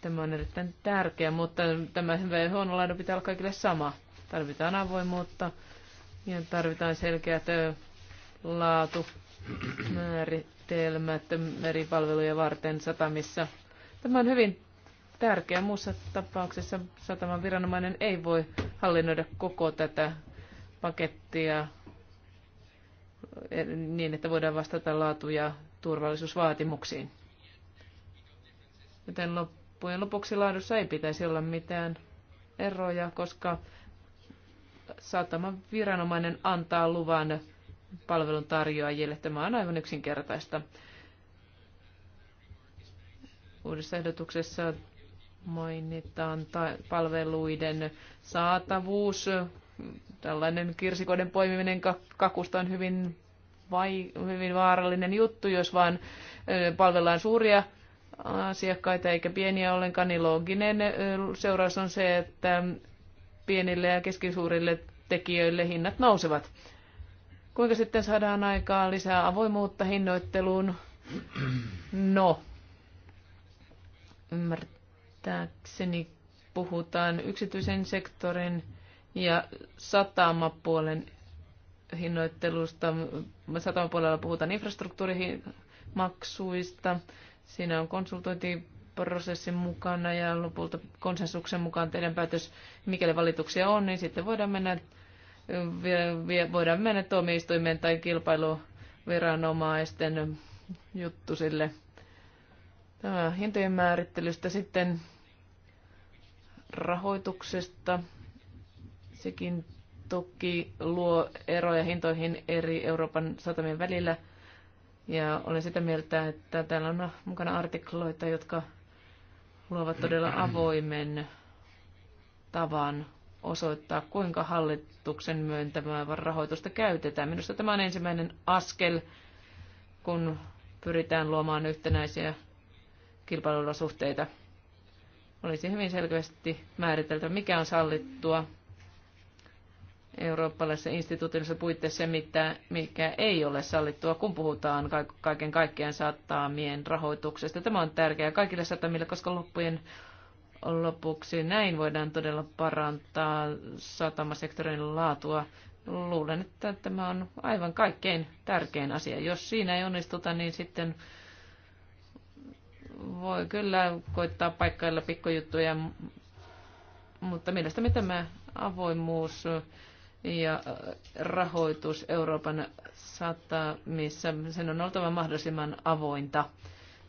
Tämä on erittäin tärkeä, mutta tämä hyvä pitää olla kaikille sama. Tarvitaan avoimuutta ja tarvitaan selkeät laatu määritelmät meripalveluja varten satamissa. Tämä on hyvin tärkeä. Muussa tapauksessa sataman viranomainen ei voi hallinnoida koko tätä pakettia e, niin, että voidaan vastata laatu- ja turvallisuusvaatimuksiin. Joten loppuun loppujen lopuksi laadussa ei pitäisi olla mitään eroja, koska saatama viranomainen antaa luvan palvelun tarjoajille. Tämä on aivan yksinkertaista. Uudessa ehdotuksessa mainitaan palveluiden saatavuus. Tällainen kirsikoiden poimiminen kakusta on hyvin, vai, hyvin vaarallinen juttu, jos vain palvellaan suuria asiakkaita eikä pieniä ollenkaan, niin looginen seuraus on se, että pienille ja keskisuurille tekijöille hinnat nousevat. Kuinka sitten saadaan aikaa lisää avoimuutta hinnoitteluun? No, ymmärtääkseni puhutaan yksityisen sektorin ja satamapuolen hinnoittelusta. Satamapuolella puhutaan infrastruktuurimaksuista, Siinä on konsultointiprosessin mukana ja lopulta konsensuksen mukaan teidän päätös, mikäli valituksia on, niin sitten voidaan mennä, voidaan mennä tuomioistuimeen tai kilpailuviranomaisten juttu sille. Tämä hintojen määrittelystä sitten rahoituksesta. Sekin toki luo eroja hintoihin eri Euroopan satamien välillä – ja olen sitä mieltä, että täällä on mukana artikloita, jotka luovat todella avoimen tavan osoittaa, kuinka hallituksen myöntämää rahoitusta käytetään. Minusta tämä on ensimmäinen askel, kun pyritään luomaan yhtenäisiä kilpailuolosuhteita. Olisi hyvin selkeästi määriteltävä, mikä on sallittua eurooppalaisissa instituutioissa puitteissa, se, mikä ei ole sallittua, kun puhutaan kaiken kaikkiaan saattamien rahoituksesta. Tämä on tärkeää kaikille satamille, koska loppujen lopuksi näin voidaan todella parantaa satamasektorin laatua. Luulen, että tämä on aivan kaikkein tärkein asia. Jos siinä ei onnistuta, niin sitten voi kyllä koittaa paikkailla pikkujuttuja, mutta mielestäni tämä avoimuus ja äh, rahoitus Euroopan satamissa, sen on oltava mahdollisimman avointa.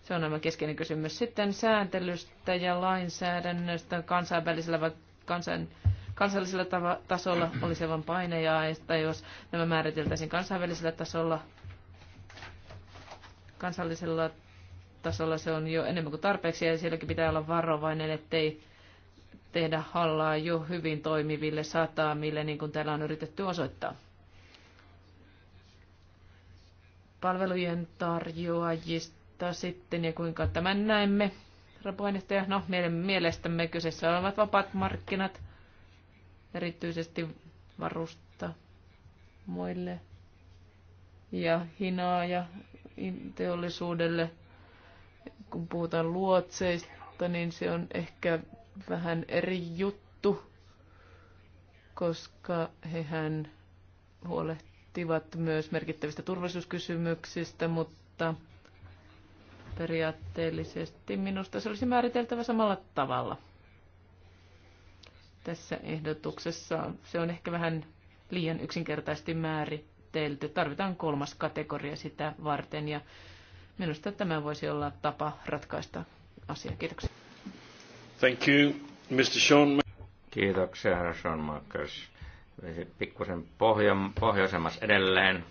Se on aivan keskeinen kysymys. Sitten sääntelystä ja lainsäädännöstä kansainvälisellä vai kansan, kansallisella tava, tasolla olisi aivan painejaista, jos nämä määriteltäisiin kansainvälisellä tasolla. Kansallisella tasolla se on jo enemmän kuin tarpeeksi ja sielläkin pitää olla varovainen, ettei tehdä hallaa jo hyvin toimiville satamille, niin kuin täällä on yritetty osoittaa. Palvelujen tarjoajista sitten ja kuinka tämän näemme. Herra puheenjohtaja, no meidän mielestämme kyseessä olevat vapaat markkinat, erityisesti varusta muille ja hinaa ja teollisuudelle. Kun puhutaan luotseista, niin se on ehkä vähän eri juttu, koska hehän huolehtivat myös merkittävistä turvallisuuskysymyksistä, mutta periaatteellisesti minusta se olisi määriteltävä samalla tavalla tässä ehdotuksessa. Se on ehkä vähän liian yksinkertaisesti määritelty. Tarvitaan kolmas kategoria sitä varten ja minusta tämä voisi olla tapa ratkaista asiaa. Kiitoksia. Thank you, Mr. Sean. Kiitoksia, herra Sean Markers. Pikkusen pohjo- edelleen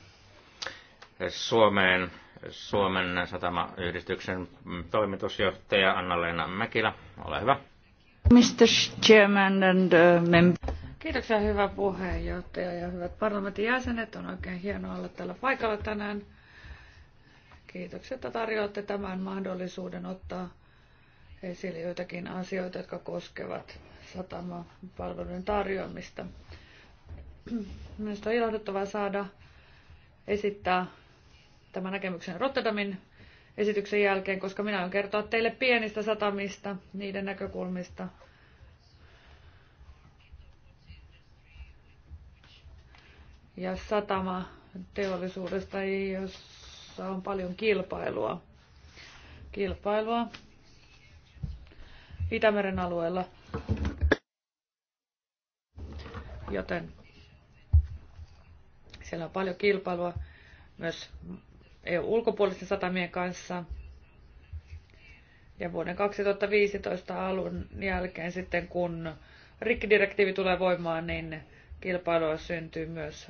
Suomeen Suomen satamayhdistyksen toimitusjohtaja Anna-Leena Mäkilä. Ole hyvä. Mr. Chairman and uh, member. Kiitoksia hyvä puheenjohtaja ja hyvät parlamentin jäsenet. On oikein hienoa olla täällä paikalla tänään. Kiitoksia, että tarjoatte tämän mahdollisuuden ottaa esille joitakin asioita, jotka koskevat satamapalveluiden tarjoamista. Minusta on ilahduttavaa saada esittää tämä näkemyksen Rotterdamin esityksen jälkeen, koska minä olen kertoa teille pienistä satamista, niiden näkökulmista. Ja satama teollisuudesta, jossa on paljon kilpailua. Kilpailua Itämeren alueella. Joten siellä on paljon kilpailua myös EU-ulkopuolisten satamien kanssa. Ja vuoden 2015 alun jälkeen sitten, kun rikkidirektiivi tulee voimaan, niin kilpailua syntyy myös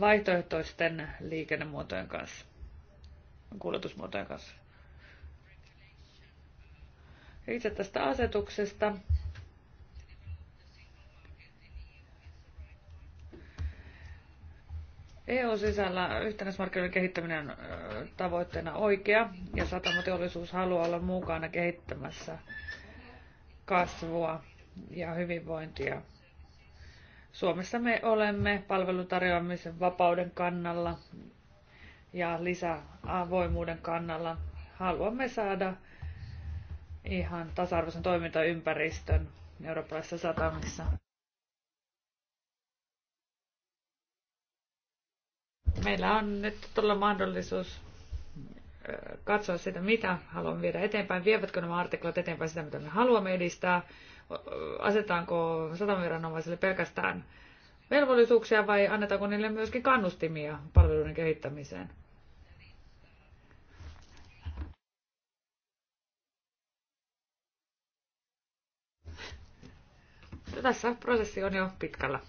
vaihtoehtoisten liikennemuotojen kanssa, kuljetusmuotojen kanssa itse tästä asetuksesta. EU-sisällä yhtenäismarkkinoiden kehittäminen on tavoitteena oikea ja satamateollisuus haluaa olla mukana kehittämässä kasvua ja hyvinvointia. Suomessa me olemme palvelutarjoamisen vapauden kannalla ja lisäavoimuuden kannalla. Haluamme saada ihan tasa-arvoisen toimintaympäristön eurooppalaisissa satamissa. Meillä on nyt tuolla mahdollisuus katsoa sitä, mitä haluamme viedä eteenpäin, vievätkö nämä artiklat eteenpäin sitä, mitä me haluamme edistää, asetaanko satamiranomaisille pelkästään velvollisuuksia vai annetaanko niille myöskin kannustimia palveluiden kehittämiseen. tässä prosessi on jo pitkällä.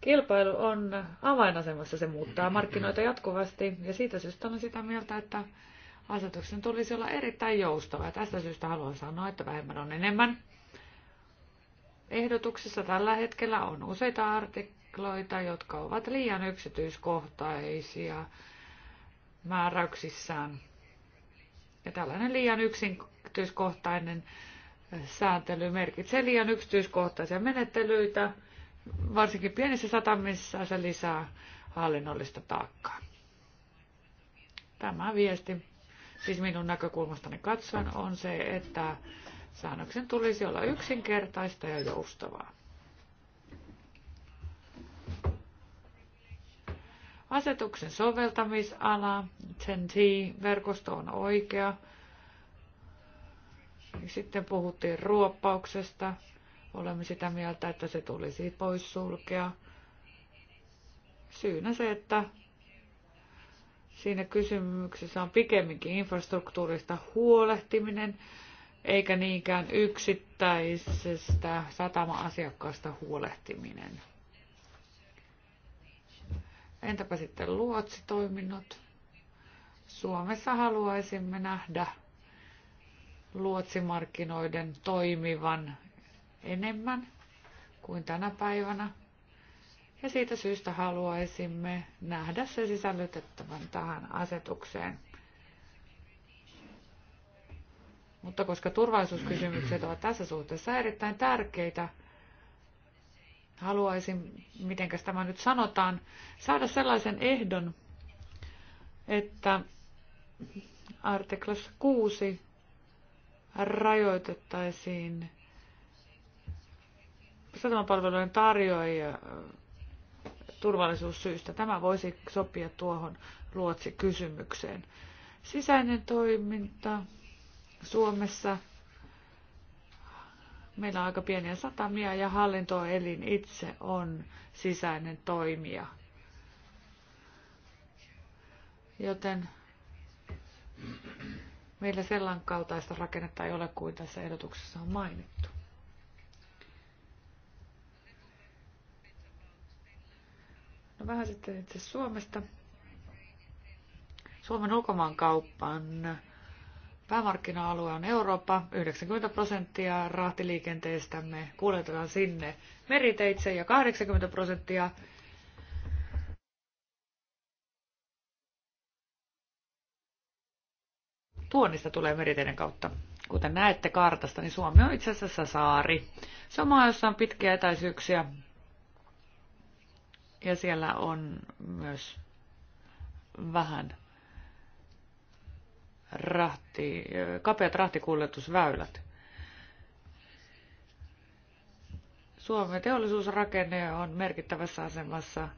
Kilpailu on avainasemassa, se muuttaa markkinoita jatkuvasti ja siitä syystä olen sitä mieltä, että asetuksen tulisi olla erittäin joustava. Ja tästä syystä haluan sanoa, että vähemmän on enemmän. Ehdotuksessa tällä hetkellä on useita artikloita, jotka ovat liian yksityiskohtaisia määräyksissään. Ja tällainen liian yksin yksityiskohtainen eh, sääntely merkitsee liian yksityiskohtaisia menettelyitä, varsinkin pienissä satamissa se lisää hallinnollista taakkaa. Tämä viesti, siis minun näkökulmastani katsoen, on se, että säännöksen tulisi olla yksinkertaista ja joustavaa. Asetuksen soveltamisala, TEN-T, verkosto on oikea, sitten puhuttiin ruoppauksesta. Olemme sitä mieltä, että se tulisi poissulkea. Syynä se, että siinä kysymyksessä on pikemminkin infrastruktuurista huolehtiminen, eikä niinkään yksittäisestä satama-asiakkaasta huolehtiminen. Entäpä sitten luotsitoiminnot? Suomessa haluaisimme nähdä luotsimarkkinoiden toimivan enemmän kuin tänä päivänä. Ja siitä syystä haluaisimme nähdä se sisällytettävän tähän asetukseen. Mutta koska turvallisuuskysymykset ovat tässä suhteessa erittäin tärkeitä, haluaisin, mitenkäs tämä nyt sanotaan, saada sellaisen ehdon, että artiklas 6 rajoitettaisiin satamapalvelujen tarjoajia äh, turvallisuussyistä. Tämä voisi sopia tuohon kysymykseen. Sisäinen toiminta Suomessa. Meillä on aika pieniä satamia ja hallintoelin itse on sisäinen toimija. Joten Meillä sellan kaltaista rakennetta ei ole kuin tässä ehdotuksessa on mainittu. No vähän sitten itse Suomesta. Suomen ulkomaankaupan päämarkkina-alue on Eurooppa. 90 prosenttia rahtiliikenteestämme kuljetetaan sinne meriteitse ja 80 prosenttia tuonnista tulee meriteiden kautta. Kuten näette kartasta, niin Suomi on itse asiassa saari. Se on maa, jossa on pitkiä etäisyyksiä. Ja siellä on myös vähän rahti, kapeat rahtikuljetusväylät. Suomen teollisuusrakenne on merkittävässä asemassa.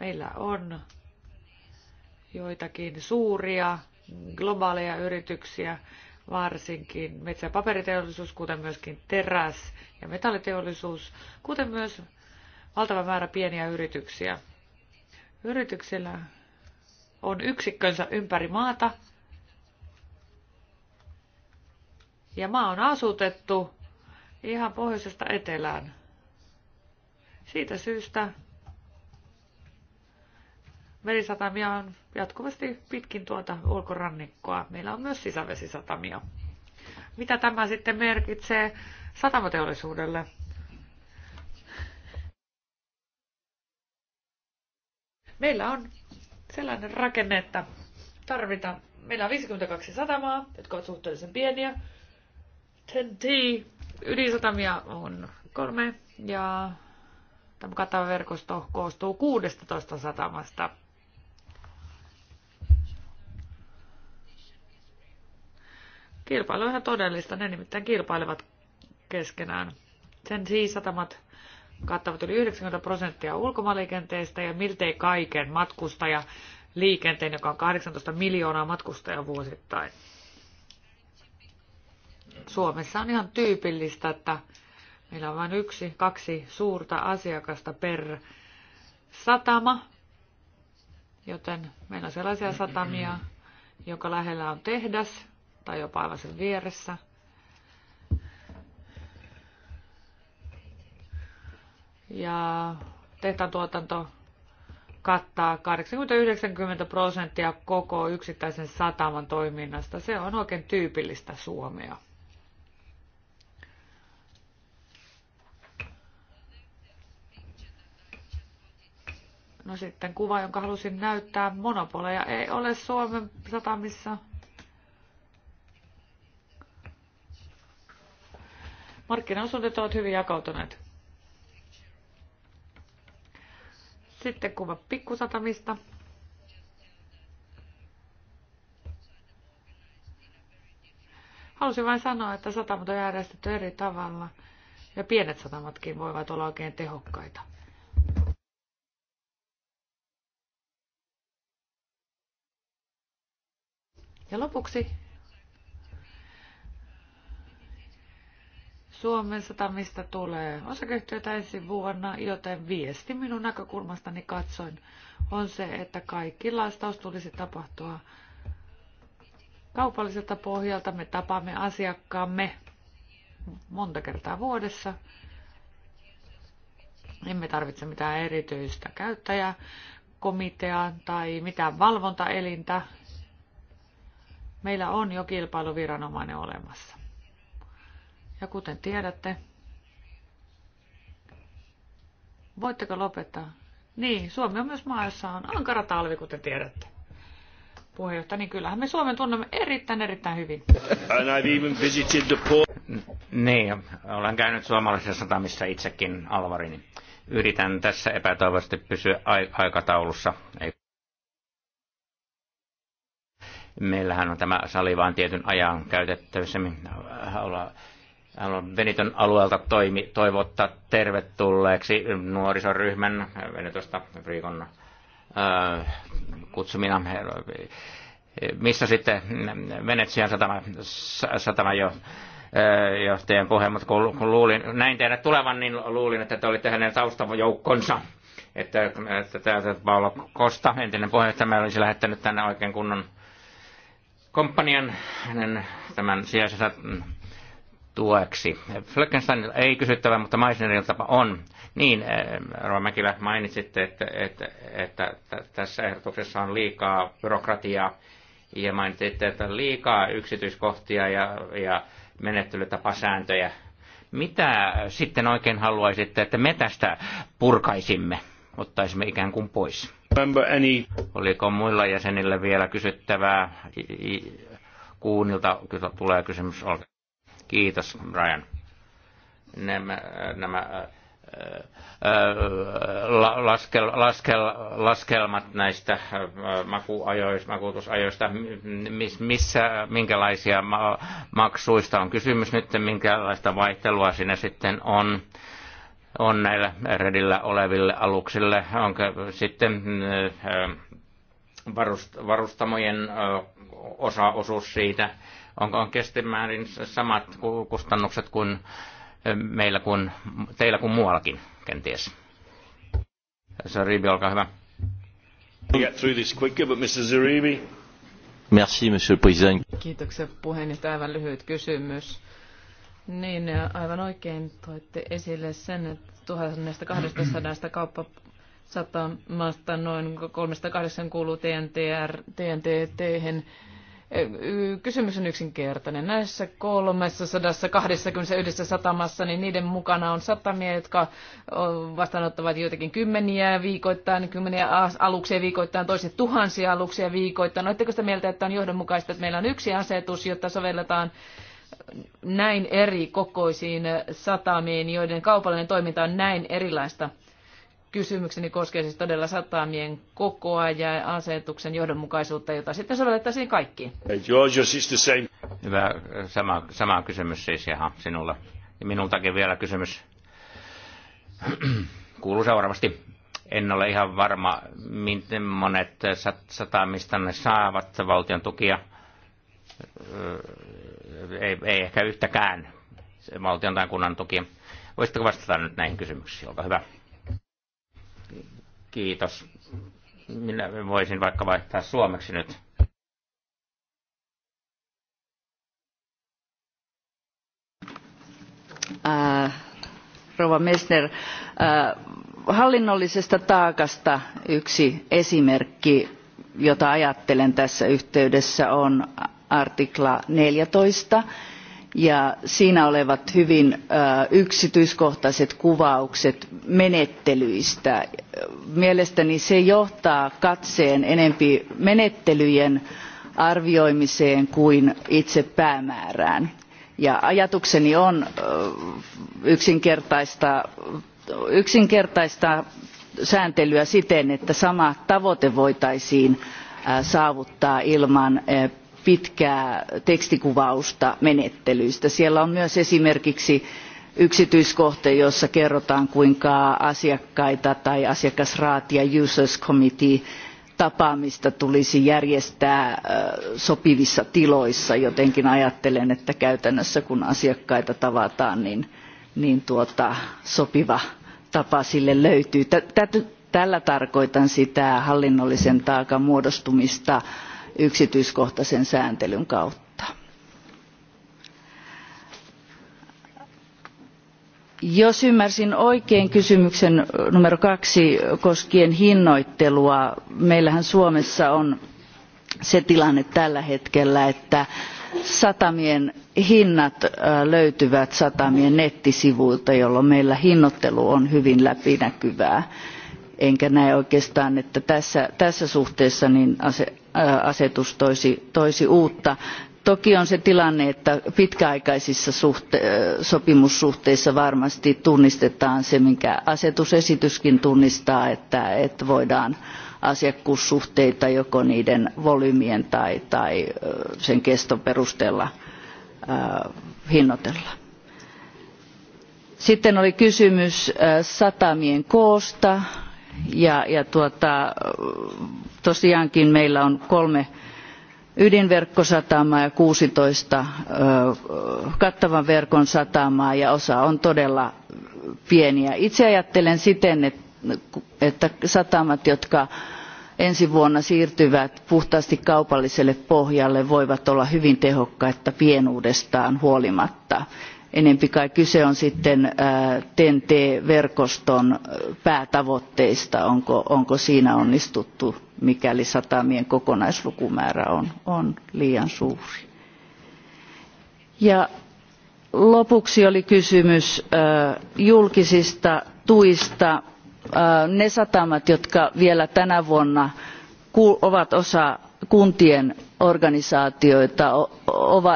Meillä on joitakin suuria globaaleja yrityksiä, varsinkin metsä- ja paperiteollisuus, kuten myöskin teräs- ja metalliteollisuus, kuten myös valtava määrä pieniä yrityksiä. Yrityksillä on yksikkönsä ympäri maata, ja maa on asutettu ihan pohjoisesta etelään. Siitä syystä merisatamia on jatkuvasti pitkin tuota ulkorannikkoa. Meillä on myös sisävesisatamia. Mitä tämä sitten merkitsee satamateollisuudelle? Meillä on sellainen rakenne, että tarvitaan. Meillä on 52 satamaa, jotka ovat suhteellisen pieniä. TNT, ydinsatamia on kolme ja tämä verkosto koostuu 16 satamasta. Kilpailu on ihan todellista, ne nimittäin kilpailevat keskenään. Sen siis satamat kattavat yli 90 prosenttia ulkomaaliikenteestä ja miltei kaiken matkustajaliikenteen, joka on 18 miljoonaa matkustajaa vuosittain. Suomessa on ihan tyypillistä, että meillä on vain yksi, kaksi suurta asiakasta per satama, joten meillä on sellaisia satamia, joka lähellä on tehdas, tai jopa aivan sen vieressä. Ja tehtaan tuotanto kattaa 80-90 prosenttia koko yksittäisen sataman toiminnasta. Se on oikein tyypillistä Suomea. No sitten kuva, jonka halusin näyttää. Monopoleja ei ole Suomen satamissa. Markkinaosuudet ovat hyvin jakautuneet. Sitten kuva pikkusatamista. Halusin vain sanoa, että satamat on järjestetty eri tavalla ja pienet satamatkin voivat olla oikein tehokkaita. Ja lopuksi Suomen satamista tulee osakeyhtiötä ensi vuonna, joten viesti minun näkökulmastani katsoin on se, että kaikki lastaus tulisi tapahtua kaupalliselta pohjalta. Me tapaamme asiakkaamme monta kertaa vuodessa. Emme tarvitse mitään erityistä käyttäjäkomiteaa tai mitään valvontaelintä. Meillä on jo kilpailuviranomainen olemassa. Ja kuten tiedätte, voitteko lopettaa? Niin, Suomi on myös maa, jossa on ankara talvi, kuten tiedätte. Puheenjohtaja, niin kyllähän me Suomen tunnemme erittäin, erittäin hyvin. And I've even visited the Niin, olen käynyt Suomalaisessa satamissa itsekin, Alvarini. Yritän tässä epätoivoisesti pysyä aikataulussa. Ei meillähän on tämä sali vain tietyn ajan käytettävissä. Olla hän on Veneton alueelta toimi, toivottaa tervetulleeksi nuorisoryhmän Venetosta viikon äh, kutsumina. Missä sitten Venetsian satama, satama jo johtajan puheen, mutta kun luulin, näin teidät tulevan, niin luulin, että te olitte hänen taustajoukkonsa. Että, että täältä Paolo Kosta, entinen puheenjohtaja, olisi lähettänyt tänne oikein kunnon komppanian hänen tämän sijaisensa tueksi. Flöckenstein ei kysyttävä, mutta Meissnerin tapa on. Niin, eh, Rova Mäkilä, mainitsitte, että, että, että, tässä ehdotuksessa on liikaa byrokratiaa ja mainitsitte, että liikaa yksityiskohtia ja, ja menettelytapasääntöjä. Mitä sitten oikein haluaisitte, että me tästä purkaisimme, ottaisimme ikään kuin pois? Any... Oliko muilla jäsenillä vielä kysyttävää? Kuunilta tulee kysymys. Olkaa. Kiitos, Brian. Nämä, nämä äh, äh, laskel, laskel, laskelmat näistä äh, makuajoista, makuutusajoista, missä, minkälaisia maksuista on kysymys nyt, minkälaista vaihtelua siinä sitten on, on näillä redillä oleville aluksille, onko sitten varustamojen osa osuus siitä, on, on kestimäärin samat kustannukset kuin eh, meillä kuin, teillä kuin muuallakin kenties. Zaribi, olkaa hyvä. Merci, Monsieur Kiitoksia puheenjohtaja. Aivan lyhyt kysymys. Niin, aivan oikein toitte esille sen, että 1200 kauppa sata maasta noin 380 kuuluu TNT, TNT, Kysymys on yksinkertainen. Näissä 321 satamassa, niin niiden mukana on satamia, jotka vastaanottavat joitakin kymmeniä viikoittain, kymmeniä aluksia viikoittain, toiset tuhansia aluksia viikoittain. Oletteko no, sitä mieltä, että on johdonmukaista, että meillä on yksi asetus, jotta sovelletaan näin eri kokoisiin satamiin, joiden kaupallinen toiminta on näin erilaista? kysymykseni koskee siis todella satamien kokoa ja asetuksen johdonmukaisuutta, jota sitten sovellettaisiin kaikkiin. Hyvä, sama, sama kysymys siis ihan sinulla. Ja minultakin vielä kysymys. Kuuluu seuraavasti. En ole ihan varma, miten monet satamista ne saavat valtion tukia. Öö, ei, ei ehkä yhtäkään valtion tai kunnan tukia. Voisitteko vastata nyt näihin kysymyksiin? Olkaa hyvä. Kiitos. Minä voisin vaikka vaihtaa suomeksi nyt. Äh, Rova Messner, äh, hallinnollisesta taakasta yksi esimerkki, jota ajattelen tässä yhteydessä, on artikla 14 ja siinä olevat hyvin yksityiskohtaiset kuvaukset menettelyistä. Mielestäni se johtaa katseen enempi menettelyjen arvioimiseen kuin itse päämäärään. Ja ajatukseni on yksinkertaistaa, yksinkertaistaa sääntelyä siten, että sama tavoite voitaisiin saavuttaa ilman pitkää tekstikuvausta menettelyistä. Siellä on myös esimerkiksi yksityiskohta, jossa kerrotaan kuinka asiakkaita tai asiakasraatia users committee tapaamista tulisi järjestää sopivissa tiloissa. Jotenkin ajattelen, että käytännössä kun asiakkaita tavataan, niin, niin tuota, sopiva tapa sille löytyy. Tätä, tällä tarkoitan sitä hallinnollisen taakan muodostumista yksityiskohtaisen sääntelyn kautta. Jos ymmärsin oikein kysymyksen numero kaksi koskien hinnoittelua, meillähän Suomessa on se tilanne tällä hetkellä, että satamien hinnat löytyvät satamien nettisivuilta, jolloin meillä hinnoittelu on hyvin läpinäkyvää. Enkä näe oikeastaan, että tässä, tässä suhteessa niin asetus toisi, uutta. Toki on se tilanne, että pitkäaikaisissa sopimussuhteissa varmasti tunnistetaan se, minkä asetusesityskin tunnistaa, että, voidaan asiakkuussuhteita joko niiden volyymien tai, sen keston perusteella hinnoitella. Sitten oli kysymys satamien koosta ja, ja tuota, tosiaankin meillä on kolme ydinverkkosatamaa ja 16 kattavan verkon satamaa ja osa on todella pieniä. Itse ajattelen siten, että satamat, jotka ensi vuonna siirtyvät puhtaasti kaupalliselle pohjalle, voivat olla hyvin tehokkaita pienuudestaan huolimatta enempi kai kyse on sitten ten t verkoston päätavoitteista onko, siinä onnistuttu mikäli satamien kokonaislukumäärä on, on liian suuri. Ja lopuksi oli kysymys julkisista tuista. ne satamat jotka vielä tänä vuonna ovat osa kuntien organisaatioita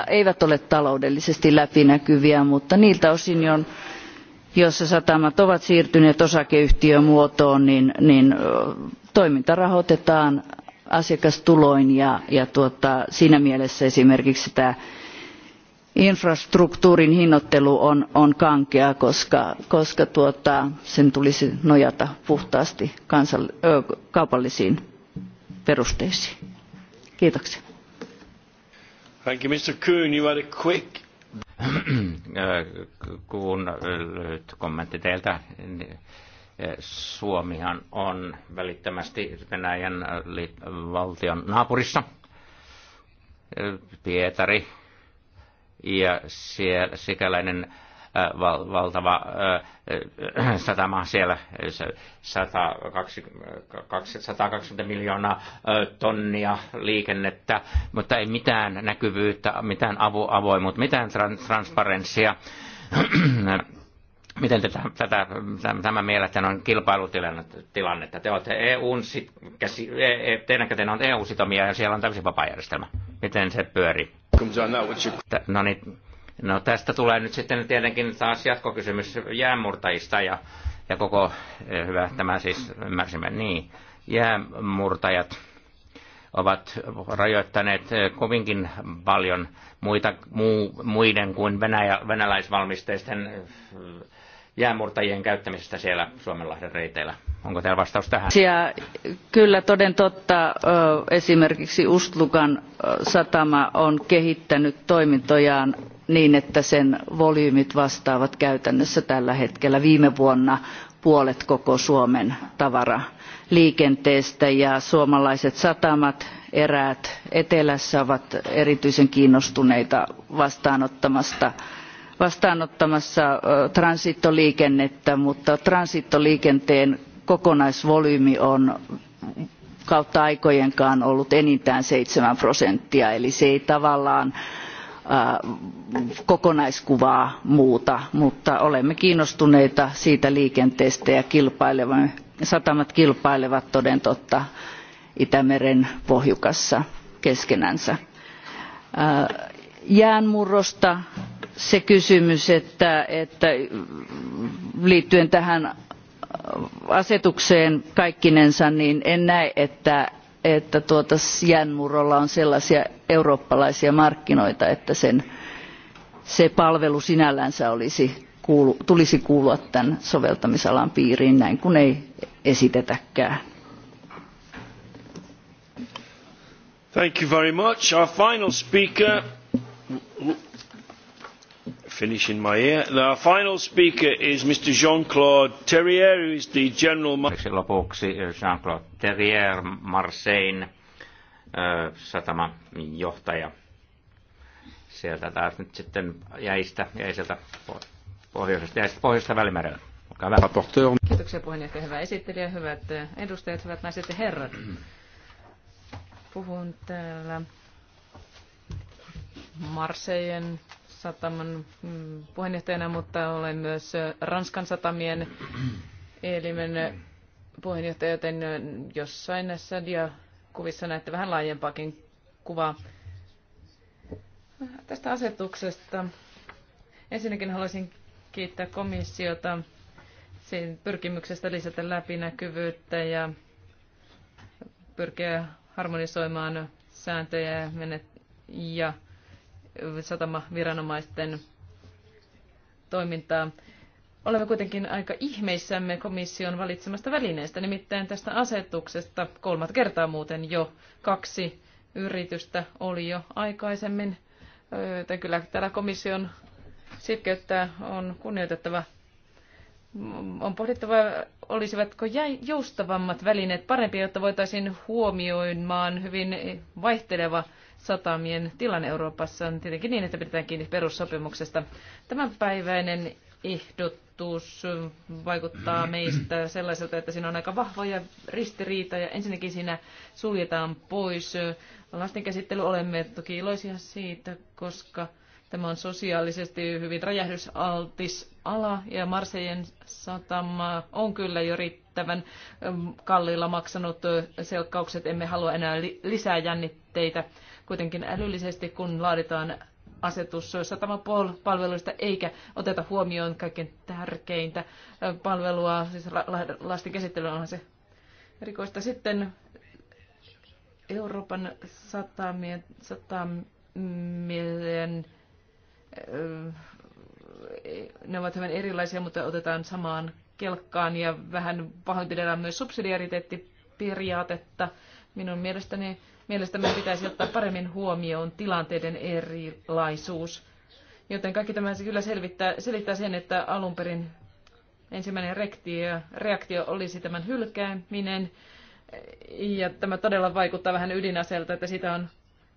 eivät ole taloudellisesti läpinäkyviä, mutta niiltä osin, joissa satamat ovat siirtyneet osakeyhtiömuotoon, niin, niin toiminta rahoitetaan asiakastuloin ja, tuota, siinä mielessä esimerkiksi tämä infrastruktuurin hinnoittelu on, kankeaa koska, tuota, sen tulisi nojata puhtaasti kaupallisiin perusteisiin. Kiitoksia. Thank you, Mr. Kuhn. You had a quick kuun äh, lyhyt kommentti teiltä. Äh, Suomihan on välittömästi Venäjän äh, valtion naapurissa, Pietari, ja siellä sikäläinen val, valtava äh, satama siellä, 120, 120 miljoonaa tonnia liikennettä, mutta ei mitään näkyvyyttä, mitään avo, avoimuutta, mitään trans, transparenssia. Miten te tätä, tämä mielestänne on kilpailutilannetta? Te olette EUn, sit, käsi, e, e, teidän käteen on EU-sitomia ja siellä on täysin vapaa järjestelmä. Miten se pyörii? No niin, No tästä tulee nyt sitten tietenkin taas jatkokysymys jäänmurtajista ja, ja koko, eh, hyvä, tämä siis ymmärsimme niin, jäänmurtajat ovat rajoittaneet eh, kovinkin paljon muita, muu, muiden kuin Venäjä, venäläisvalmisteisten eh, jäänmurtajien käyttämisestä siellä Suomenlahden reiteillä. Onko teillä vastaus tähän? Kyllä toden totta esimerkiksi Ustlukan satama on kehittänyt toimintojaan niin, että sen volyymit vastaavat käytännössä tällä hetkellä viime vuonna puolet koko Suomen tavaraliikenteestä ja suomalaiset satamat eräät etelässä ovat erityisen kiinnostuneita vastaanottamasta vastaanottamassa transitoliikennettä mutta transitoliikenteen kokonaisvolyymi on kautta aikojenkaan ollut enintään seitsemän prosenttia eli se ei tavallaan kokonaiskuvaa muuta mutta olemme kiinnostuneita siitä liikenteestä ja satamat kilpailevat toden totta itämeren pohjukassa keskenänsä. jäänmurrosta se kysymys että, että liittyen tähän asetukseen kaikkinensa niin en näe että että tuota jäänmurrolla on sellaisia eurooppalaisia markkinoita että sen, se palvelu sinällänsä olisi, kuulu, tulisi kuulua tämän soveltamisalan piiriin näin kuin ei esitetäkään. Thank you very much. Our final speaker finish in my ear. The final speaker is Mr. Jean-Claude Terrier, who is the general... Lopuksi Jean-Claude Terrier, Marseille satamajohtaja. Sieltä taas nyt sitten jäistä, jäiseltä pohjoisesta, jäiseltä pohjoisesta välimerellä. Olkaa hyvä. Kiitoksia puheenjohtaja, hyvä esittelijä, hyvät edustajat, hyvät naiset ja herrat. Puhun täällä Marseillen sataman mm, puheenjohtajana, mutta olen myös Ranskan satamien elimen puheenjohtaja, joten jossain näissä diakuvissa näette vähän laajempaakin kuvaa tästä asetuksesta. Ensinnäkin haluaisin kiittää komissiota sen pyrkimyksestä lisätä läpinäkyvyyttä ja pyrkiä harmonisoimaan sääntöjä ja, menet- ja satamaviranomaisten toimintaa. Olemme kuitenkin aika ihmeissämme komission valitsemasta välineestä, nimittäin tästä asetuksesta kolmat kertaa muuten jo kaksi yritystä oli jo aikaisemmin, joten kyllä täällä komission sitkeyttä on kunnioitettava on pohdittava, olisivatko joustavammat välineet parempia, jotta voitaisiin huomioimaan hyvin vaihteleva satamien tilanne Euroopassa on tietenkin niin, että pidetään kiinni perussopimuksesta. Tämänpäiväinen ehdotus vaikuttaa meistä sellaiselta, että siinä on aika vahvoja ristiriitoja. Ensinnäkin siinä suljetaan pois lasten käsittely. Olemme toki iloisia siitä, koska Tämä on sosiaalisesti hyvin räjähdysaltis ala ja Marsejen satama on kyllä jo riittävän ähm, kalliilla maksanut selkkaukset. Emme halua enää lisää jännitteitä. Kuitenkin älyllisesti, kun laaditaan asetus satamapalveluista eikä oteta huomioon kaiken tärkeintä palvelua, siis lasten käsittely onhan se erikoista. Sitten Euroopan satamien, satamien ne ovat hyvin erilaisia, mutta otetaan samaan kelkkaan ja vähän pahoinpidellään myös subsidiariteettiperiaatetta. Minun mielestäni mielestäni pitäisi ottaa paremmin huomioon tilanteiden erilaisuus. Joten kaikki tämä kyllä selvittää, selittää sen, että alun perin ensimmäinen reaktio, reaktio olisi tämän hylkääminen. Ja tämä todella vaikuttaa vähän ydinaseelta, että sitä on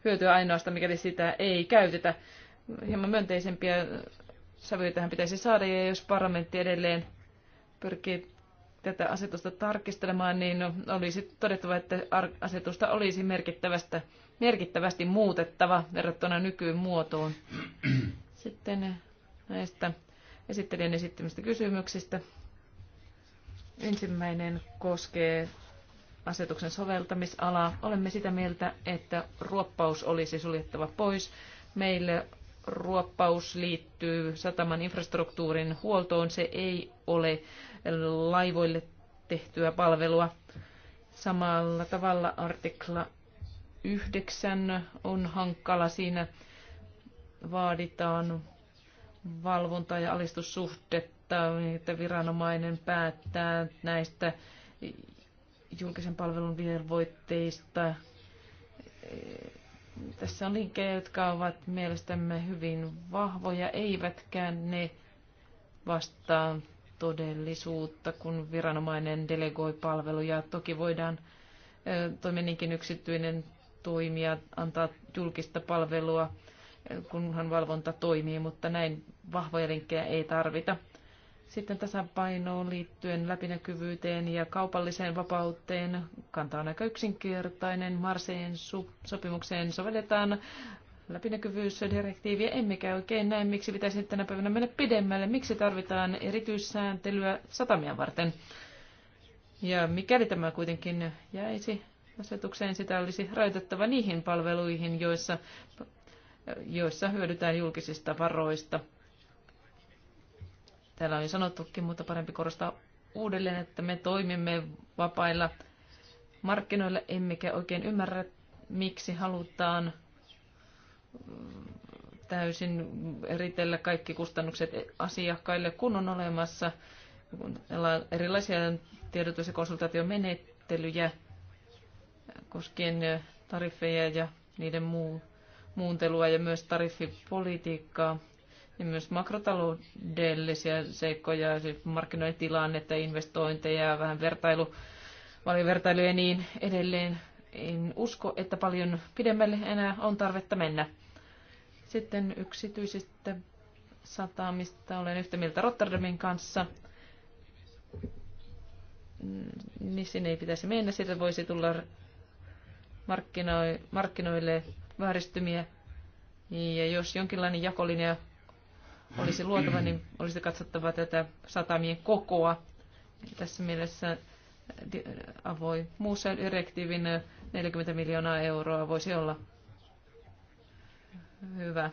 hyötyä ainoastaan, mikäli sitä ei käytetä hieman myönteisempiä sävyjä tähän pitäisi saada, ja jos parlamentti edelleen pyrkii tätä asetusta tarkistelemaan, niin olisi todettava, että asetusta olisi merkittävästä, merkittävästi muutettava verrattuna nykymuotoon. Sitten näistä esittelijän esittämistä kysymyksistä. Ensimmäinen koskee asetuksen soveltamisalaa. Olemme sitä mieltä, että ruoppaus olisi suljettava pois. Meille ruoppaus liittyy sataman infrastruktuurin huoltoon. Se ei ole laivoille tehtyä palvelua. Samalla tavalla artikla 9 on hankala. Siinä vaaditaan valvonta- ja alistussuhdetta, että viranomainen päättää näistä julkisen palvelun velvoitteista tässä on liikkejä, jotka ovat mielestämme hyvin vahvoja, eivätkä ne vastaa todellisuutta, kun viranomainen delegoi palveluja. Toki voidaan toimia niinkin yksityinen toimija, antaa julkista palvelua, kunhan valvonta toimii, mutta näin vahvoja linkkejä ei tarvita. Sitten tasapainoon liittyen läpinäkyvyyteen ja kaupalliseen vapauteen kanta on aika yksinkertainen. Marseen sopimukseen sovelletaan läpinäkyvyysdirektiiviä, emmekä oikein näe, miksi pitäisi tänä päivänä mennä pidemmälle, miksi tarvitaan erityissääntelyä satamia varten. Ja mikäli tämä kuitenkin jäisi asetukseen, sitä olisi rajoitettava niihin palveluihin, joissa, joissa hyödytään julkisista varoista – Täällä on jo sanottukin, mutta parempi korostaa uudelleen, että me toimimme vapailla markkinoilla, emmekä oikein ymmärrä, miksi halutaan mm, täysin eritellä kaikki kustannukset asiakkaille, kun on olemassa erilaisia tiedotus- ja konsultaatiomenettelyjä koskien eh, tariffeja ja niiden muu, muuntelua ja myös tariffipolitiikkaa ja myös makrotaloudellisia seikkoja, siis markkinoiden tilannetta, investointeja, vähän vertailu, paljon vertailuja ja niin edelleen. En usko, että paljon pidemmälle enää on tarvetta mennä. Sitten yksityisistä satamista olen yhtä mieltä Rotterdamin kanssa. Niin sinne ei pitäisi mennä, sieltä voisi tulla markkinoille vääristymiä. Ja jos jonkinlainen jakolinja olisi luotava, niin olisi katsottava tätä satamien kokoa. Tässä mielessä äh, äh, avoi muussa direktiivin 40 äh, miljoonaa euroa voisi olla hyvä.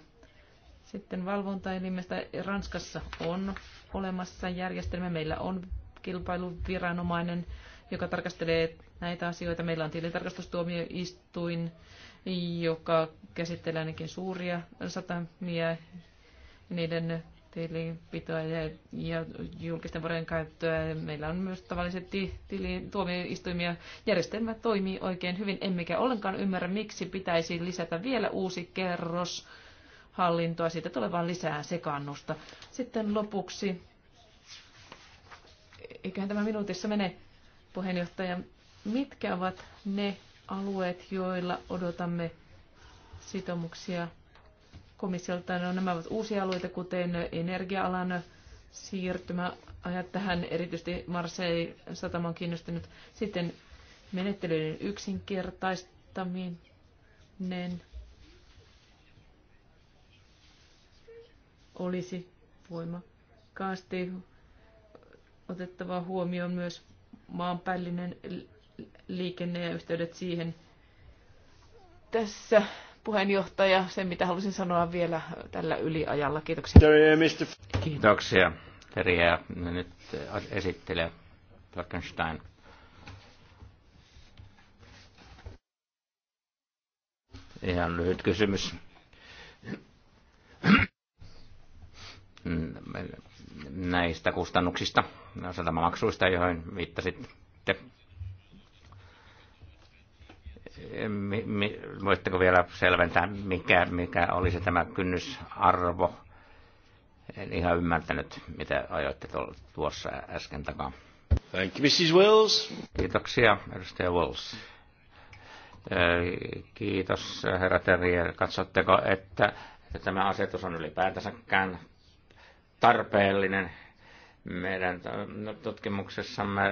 Sitten valvontaelimestä Ranskassa on olemassa järjestelmä. Meillä on kilpailuviranomainen, joka tarkastelee näitä asioita. Meillä on tilintarkastustuomioistuin, joka käsittelee ainakin suuria satamia niiden tilinpitoa ja, ja julkisten varojen käyttöä. Meillä on myös tavalliset tilin tuomioistuimia. Järjestelmä toimii oikein hyvin, emmekä ollenkaan ymmärrä, miksi pitäisi lisätä vielä uusi kerros hallintoa. Siitä tulee vain lisää sekannusta. Sitten lopuksi, eiköhän tämä minuutissa mene, puheenjohtaja, mitkä ovat ne alueet, joilla odotamme sitomuksia komissiolta. No, nämä ovat uusia alueita, kuten energia-alan ajat tähän, erityisesti Marseille satama on kiinnostunut. Sitten menettelyiden yksinkertaistaminen olisi voimakkaasti otettava huomioon myös maanpäällinen liikenne ja yhteydet siihen. Tässä puheenjohtaja. sen mitä halusin sanoa vielä tällä yliajalla. Kiitoksia. Kiitoksia, teriä. Ja nyt äh, esittelee Falkenstein. Ihan lyhyt kysymys. Näistä kustannuksista, satamamaksuista, joihin viittasitte mi, voitteko vielä selventää, mikä, mikä olisi tämä kynnysarvo? En ihan ymmärtänyt, mitä ajoitte tuossa äsken takaa. Thank you, Mrs. Wells. Kiitoksia, edustaja Wells. Kiitos, herra Terrier. Katsotteko, että, tämä asetus on ylipäätänsäkään tarpeellinen meidän no, tutkimuksessamme?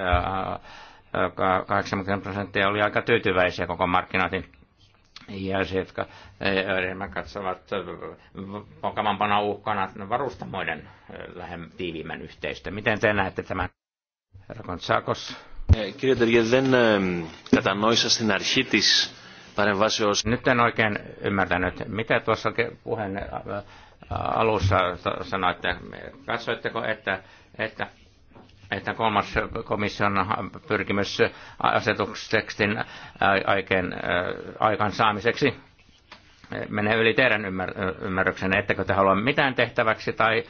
80 prosenttia oli aika tyytyväisiä koko markkinointiin jäisiä, jotka eh, enemmän katsovat vakavampana eh, uhkana varustamoiden eh, lähem tiiviimmän yhteistyön. Miten te näette tämän? rakon Kontsakos. Nyt en oikein ymmärtänyt, mitä tuossa puheen alussa sanoitte. Katsoitteko, että, että että kolmas komission pyrkimys asetustekstin aikeen, aikansaamiseksi menee yli teidän ymmär, ymmärryksenne, ettekö te halua mitään tehtäväksi tai,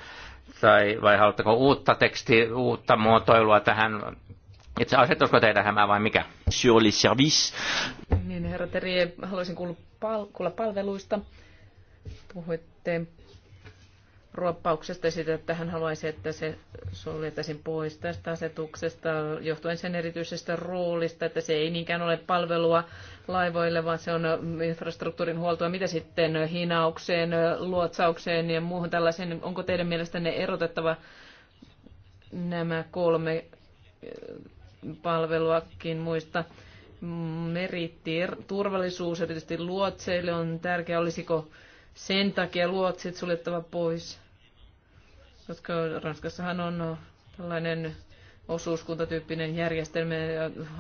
tai vai haluatteko uutta tekstiä, uutta muotoilua tähän itse asetusko teitä hämää vai mikä? Sur les services. Niin, herra Terje, haluaisin kuulla, pal- kuulla palveluista. Puhuitte ruoppauksesta ja siitä, että hän haluaisi, että se suljettaisiin pois tästä asetuksesta johtuen sen erityisestä roolista, että se ei niinkään ole palvelua laivoille, vaan se on mm, infrastruktuurin huoltoa. Mitä sitten hinaukseen, luotsaukseen ja muuhun tällaiseen? Onko teidän mielestänne erotettava nämä kolme eh, palveluakin muista? Mm, turvallisuus- erityisesti luotseille on tärkeää. Olisiko sen takia luotsit suljettava pois, koska Ranskassahan on no, tällainen osuuskuntatyyppinen järjestelmä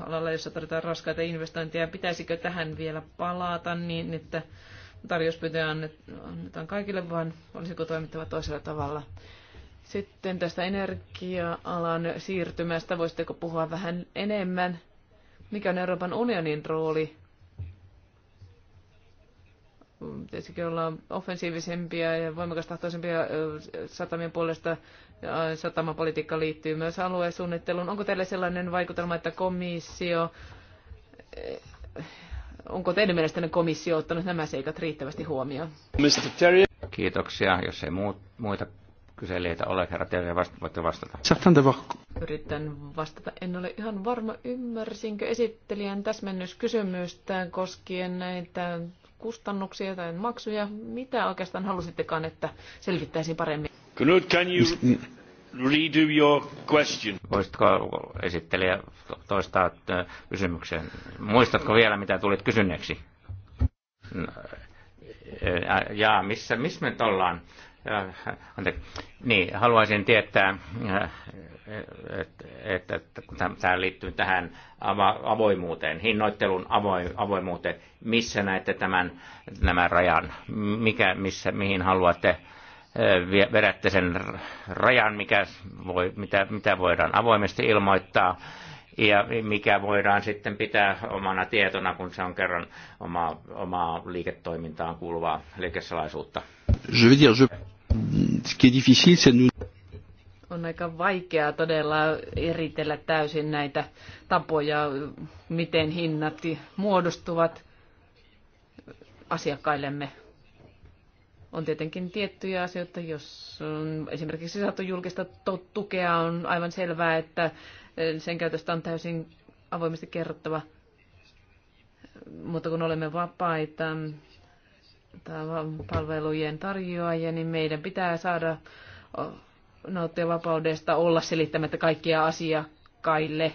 alalla, jossa tarvitaan raskaita investointeja. Pitäisikö tähän vielä palata niin, että tarjouspyyntöjä annetaan kaikille, vaan olisiko toimittava toisella tavalla? Sitten tästä energia-alan siirtymästä, voisitteko puhua vähän enemmän? Mikä on Euroopan unionin rooli tietenkin olla offensiivisempia ja voimakastahtoisempia satamien puolesta. Satamapolitiikka liittyy myös aluesuunnitteluun. Onko teille sellainen vaikutelma, että komissio, onko teidän mielestänne komissio ottanut nämä seikat riittävästi huomioon? Kiitoksia, jos ei muut, muita kyselijöitä ole. Herra Terje, vasta, voitte vastata. Yritän vastata. En ole ihan varma, ymmärsinkö esittelijän täsmennyskysymystä koskien näitä kustannuksia, tai maksuja. Mitä oikeastaan halusittekaan, että selvittäisiin paremmin? Knut, can you redo your question? Voisitko esittelijä toistaa äh, kysymyksen? Muistatko vielä, mitä tulit kysyneeksi? Äh, äh, jaa, missä, missä me nyt ollaan? Ja, Niin, haluaisin tietää että, et, tämä liittyy tähän avoimuuteen, hinnoittelun avoimuuteen. Missä näette tämän, nämä rajan? Mikä, missä, mihin haluatte vedätte sen rajan, mikä voi, mitä, mitä voidaan avoimesti ilmoittaa ja mikä voidaan sitten pitää omana tietona, kun se on kerran oma omaa liiketoimintaan kuuluvaa liikesalaisuutta. Je veux dire, je... ce qui est difficile, c'est nous on aika vaikeaa todella eritellä täysin näitä tapoja, miten hinnat muodostuvat asiakkaillemme. On tietenkin tiettyjä asioita, jos on esimerkiksi saatu julkista tukea, on aivan selvää, että sen käytöstä on täysin avoimesti kerrottava. Mutta kun olemme vapaita palvelujen tarjoajia, niin meidän pitää saada nauttia vapaudesta olla selittämättä kaikkia asiakkaille,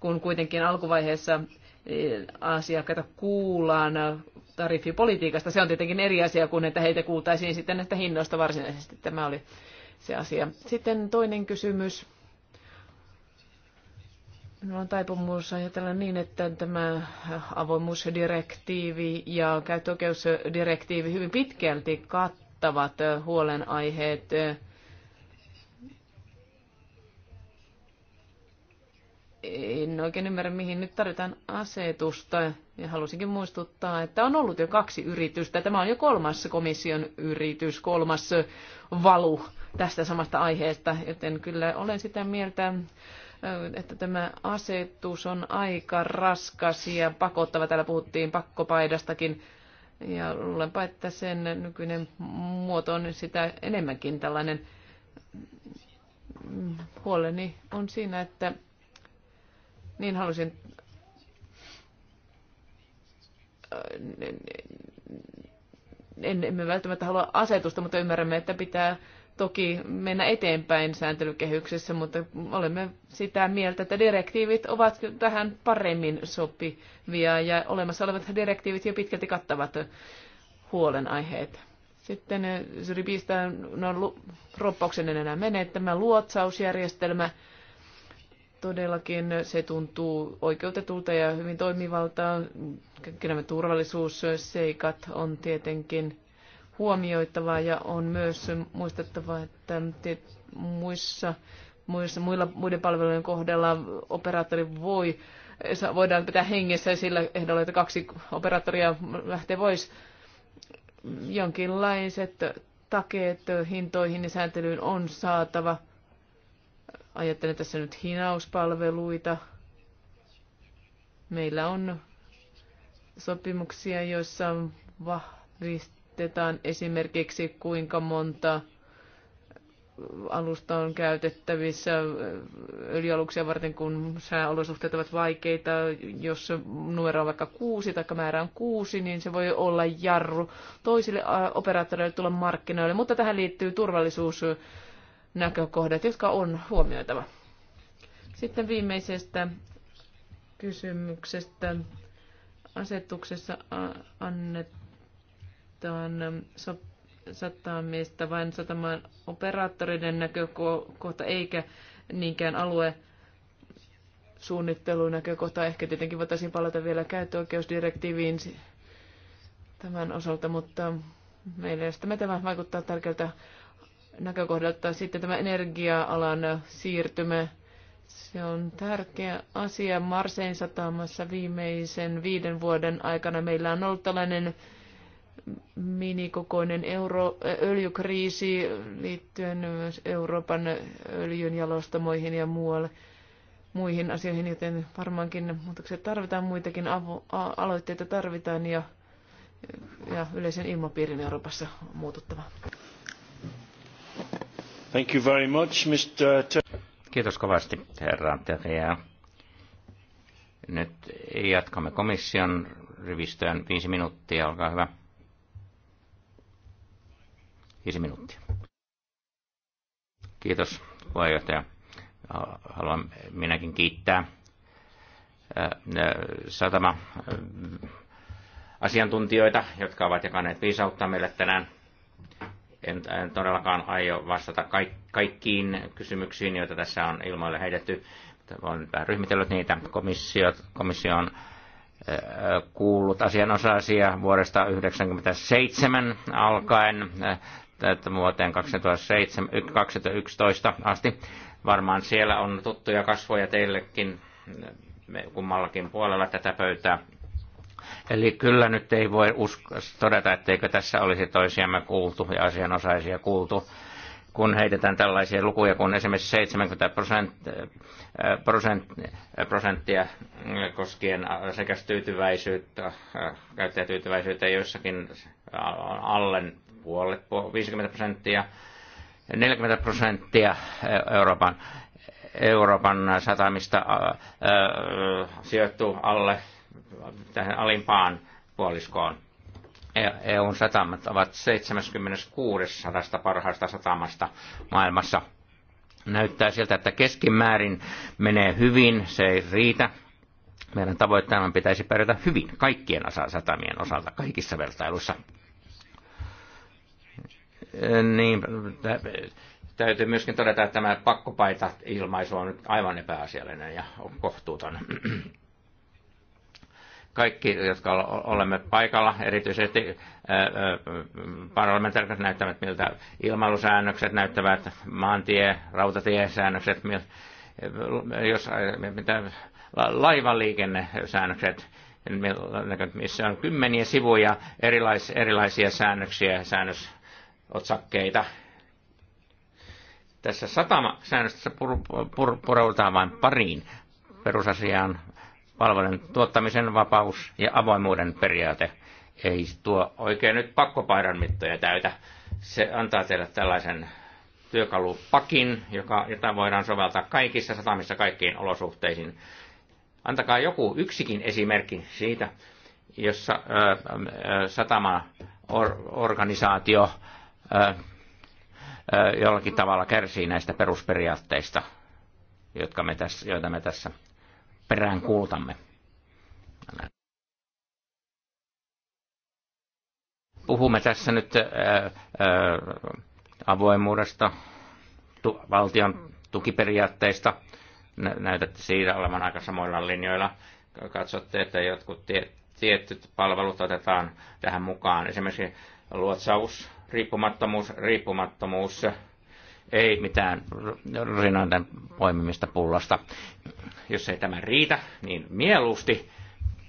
kun kuitenkin alkuvaiheessa eh, asiakkaita kuullaan tariffipolitiikasta. Se on tietenkin eri asia kuin, että heitä kuultaisiin sitten näistä hinnoista varsinaisesti. Tämä oli se asia. Sitten toinen kysymys. Minulla on taipumus ajatella niin, että tämä avoimuusdirektiivi ja käyttöoikeusdirektiivi hyvin pitkälti kattavat huolenaiheet, en oikein ymmärrä, mihin nyt tarvitaan asetusta. Ja halusinkin muistuttaa, että on ollut jo kaksi yritystä. Tämä on jo kolmas komission yritys, kolmas valu tästä samasta aiheesta. Joten kyllä olen sitä mieltä, että tämä asetus on aika raskas ja pakottava. Täällä puhuttiin pakkopaidastakin. Ja luulenpa, että sen nykyinen muoto on sitä enemmänkin tällainen huoleni on siinä, että niin halusin äh, en, emme välttämättä halua asetusta, mutta ymmärrämme, että pitää toki mennä eteenpäin sääntelykehyksessä, mutta olemme sitä mieltä, että direktiivit ovat tähän paremmin sopivia ja olemassa olevat direktiivit jo pitkälti kattavat huolenaiheet. Sitten Syribistä, äh, no roppauksen en enää mene, tämä luotsausjärjestelmä, todellakin se tuntuu oikeutetulta ja hyvin toimivalta. Kaikki nämä turvallisuusseikat on tietenkin huomioitava ja on myös muistettava, että muissa, muissa muilla, muiden palvelujen kohdalla operaattori voi, voidaan pitää hengessä sillä ehdolla, että kaksi operaattoria lähtee pois. Jonkinlaiset takeet hintoihin ja sääntelyyn on saatava – Ajattelen tässä nyt hinauspalveluita. Meillä on sopimuksia, joissa vahvistetaan esimerkiksi kuinka monta alusta on käytettävissä öljyaluksia varten, kun sääolosuhteet ovat vaikeita. Jos numero on vaikka kuusi tai määrä on kuusi, niin se voi olla jarru toisille operaattoreille tulla markkinoille. Mutta tähän liittyy turvallisuus näkökohdat, jotka on huomioitava. Sitten viimeisestä kysymyksestä. Asetuksessa annetaan satamista vain sataman operaattoreiden näkökohta, eikä niinkään alue suunnittelun näkökohta. Ehkä tietenkin voitaisiin palata vielä käyttöoikeusdirektiiviin tämän osalta, mutta meidän mielestämme tämä vaikuttaa tärkeältä näkökohdalta sitten tämä energia-alan siirtymä. Se on tärkeä asia. Marsein satamassa viimeisen viiden vuoden aikana meillä on ollut tällainen minikokoinen euro, öljykriisi liittyen myös Euroopan jalostamoihin ja muualle muihin asioihin, joten varmaankin muutokset tarvitaan, muitakin avu, a, aloitteita tarvitaan ja, ja yleisen ilmapiirin Euroopassa muututtava. Kiitos kovasti, herra Teria. Nyt jatkamme komission rivistöön. Viisi minuuttia, olkaa hyvä. Viisi minuuttia. Kiitos, puheenjohtaja. Haluan minäkin kiittää satama asiantuntijoita, jotka ovat jakaneet viisautta meille tänään. En, en todellakaan aio vastata kaikkiin kysymyksiin, joita tässä on ilmoille heitetty. Olen ryhmitellyt niitä komissio on äh, kuullut asianosaisia vuodesta 1997 alkaen äh, vuoteen 2011 asti. Varmaan siellä on tuttuja kasvoja teillekin äh, kummallakin puolella tätä pöytää. Eli kyllä nyt ei voi usko, todeta, etteikö tässä olisi toisiamme kuultu ja asianosaisia kuultu, kun heitetään tällaisia lukuja, kun esimerkiksi 70 prosent, äh, prosent, äh, prosenttia äh, koskien sekä tyytyväisyyttä, käyttäjätyytyväisyyttä jossakin alle puolet, 50 prosenttia, 40 prosenttia Euroopan Euroopan satamista ää, ää, sijoittuu alle tähän alimpaan puoliskoon. EUn e satamat ovat 76 sadasta parhaasta satamasta maailmassa. Näyttää siltä, että keskimäärin menee hyvin, se ei riitä. Meidän tavoitteena pitäisi pärjätä hyvin kaikkien satamien osalta kaikissa vertailuissa. Niin, täytyy myöskin todeta, että tämä pakkopaita ilmaisu on nyt aivan epäasiallinen ja kohtuuton kaikki, jotka olemme paikalla, erityisesti parlamentaarikot näyttävät miltä ilmailusäännökset näyttävät, maantie, rautatiesäännökset, jos, mitä, laivaliikennesäännökset, missä on kymmeniä sivuja erilais, erilaisia säännöksiä, säännösotsakkeita. Tässä satama säännöstössä pur, pureudutaan vain pariin perusasiaan palvelun tuottamisen vapaus ja avoimuuden periaate. Ei tuo oikein nyt pakkopaidan mittoja täytä. Se antaa teille tällaisen työkalupakin, joka, jota voidaan soveltaa kaikissa satamissa kaikkiin olosuhteisiin. Antakaa joku yksikin esimerkki siitä, jossa ö, jollakin tavalla kärsii näistä perusperiaatteista, jotka me tässä, joita me tässä perään kuultamme. Puhumme tässä nyt ää, äh, ää, äh, avoimuudesta, tu, valtion tukiperiaatteista. Näytätte siitä olevan aika samoilla linjoilla. Katsotte, että jotkut tie, tietyt palvelut otetaan tähän mukaan. Esimerkiksi luotsaus, riippumattomuus, riippumattomuus, ei mitään rusinoiden poimimista pullasta. Jos ei tämä riitä, niin mieluusti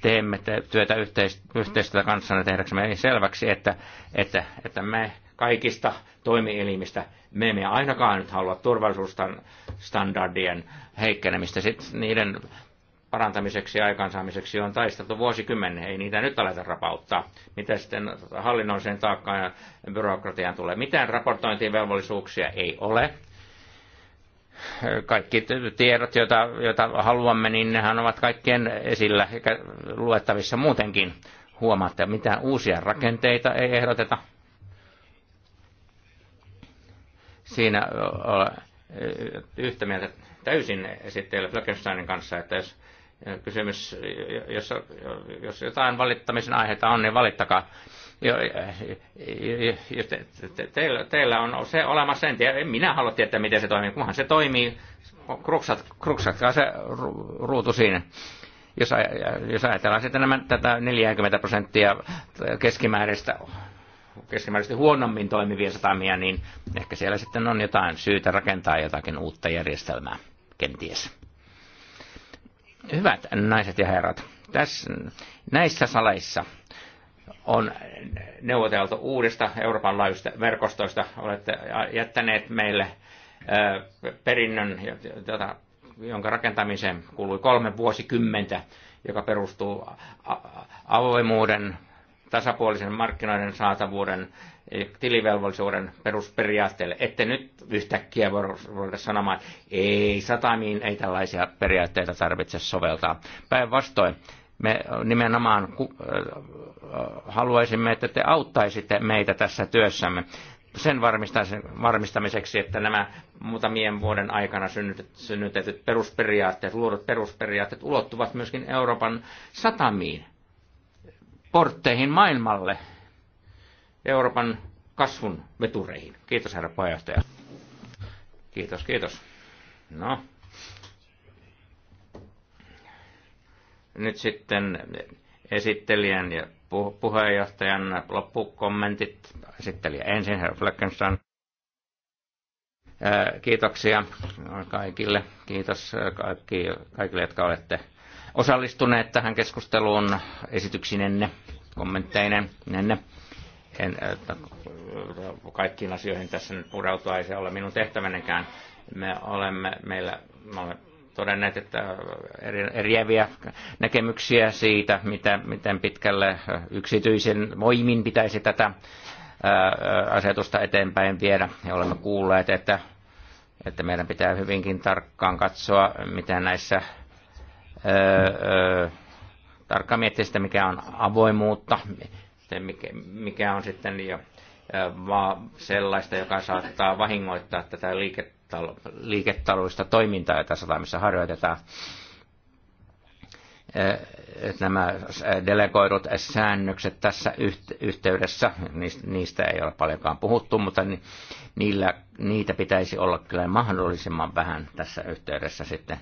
teemme työtä yhteistyötä kanssanne tehdäksemme selväksi, että, että, että me kaikista toimielimistä me emme ainakaan nyt halua turvallisuusstandardien heikkenemistä. Sitten niiden parantamiseksi ja aikaansaamiseksi on taisteltu vuosikymmenen. Ei niitä nyt aleta rapauttaa. Mitä sitten hallinnolliseen taakkaan ja byrokratiaan tulee? Mitään raportointivelvollisuuksia ei ole. Kaikki tiedot, joita, joita haluamme, niin nehän ovat kaikkien esillä ja luettavissa muutenkin. Huomaatte, mitään uusia rakenteita ei ehdoteta. Siinä yhtä mieltä täysin esittäjälle Blöckensteinin kanssa, että jos kysymys, jos, jos jotain valittamisen aiheita on, niin valittakaa. Teillä, teillä on se olemassa, en tiedä, minä halua tietää, miten se toimii, kunhan se toimii, kruksat, kruksatkaa se ruutu siinä. Jos, jos ajatellaan sitten nämä, tätä 40 prosenttia keskimääräistä keskimääräisesti huonommin toimivia satamia, niin ehkä siellä sitten on jotain syytä rakentaa jotakin uutta järjestelmää, kenties. Hyvät naiset ja herrat, tässä, näissä saleissa on neuvoteltu uudesta Euroopan laajuista verkostoista. Olette jättäneet meille perinnön, jonka rakentamiseen kului kolme vuosikymmentä, joka perustuu avoimuuden, tasapuolisen markkinoiden saatavuuden, tilivelvollisuuden perusperiaatteelle, ette nyt yhtäkkiä voida sanomaan, ei satamiin, ei tällaisia periaatteita tarvitse soveltaa. Päinvastoin, me nimenomaan äh, haluaisimme, että te auttaisitte meitä tässä työssämme sen varmistamiseksi, että nämä muutamien vuoden aikana synnytetyt perusperiaatteet, luodut perusperiaatteet ulottuvat myöskin Euroopan satamiin, portteihin maailmalle – Euroopan kasvun vetureihin. Kiitos herra puheenjohtaja. Kiitos, kiitos. No. Nyt sitten esittelijän ja puheenjohtajan loppukommentit. Esittelijä ensin, herra Fleckenstein. Kiitoksia kaikille. Kiitos kaikki, kaikille, jotka olette osallistuneet tähän keskusteluun esityksinenne, kommentteinenne en, eh, että eh, kaikkiin asioihin tässä nyt pureutua ei se ole minun tehtävänenkään. Me olemme, meillä, me olemme todenneet, että eh, eri, eriäviä näkemyksiä siitä, mitä, miten pitkälle yksityisen voimin pitäisi tätä asetusta eteenpäin viedä. Ja olemme kuulleet, että, että meidän pitää hyvinkin tarkkaan katsoa, miten näissä ää, ää, tarkkaan miettiä sitä, mikä on avoimuutta, mikä on sitten jo sellaista, joka saattaa vahingoittaa tätä liiketaloudellista toimintaa, jota satamissa harjoitetaan. Että nämä delegoidut säännökset tässä yhteydessä, niistä ei ole paljonkaan puhuttu, mutta niillä, niitä pitäisi olla kyllä mahdollisimman vähän tässä yhteydessä sitten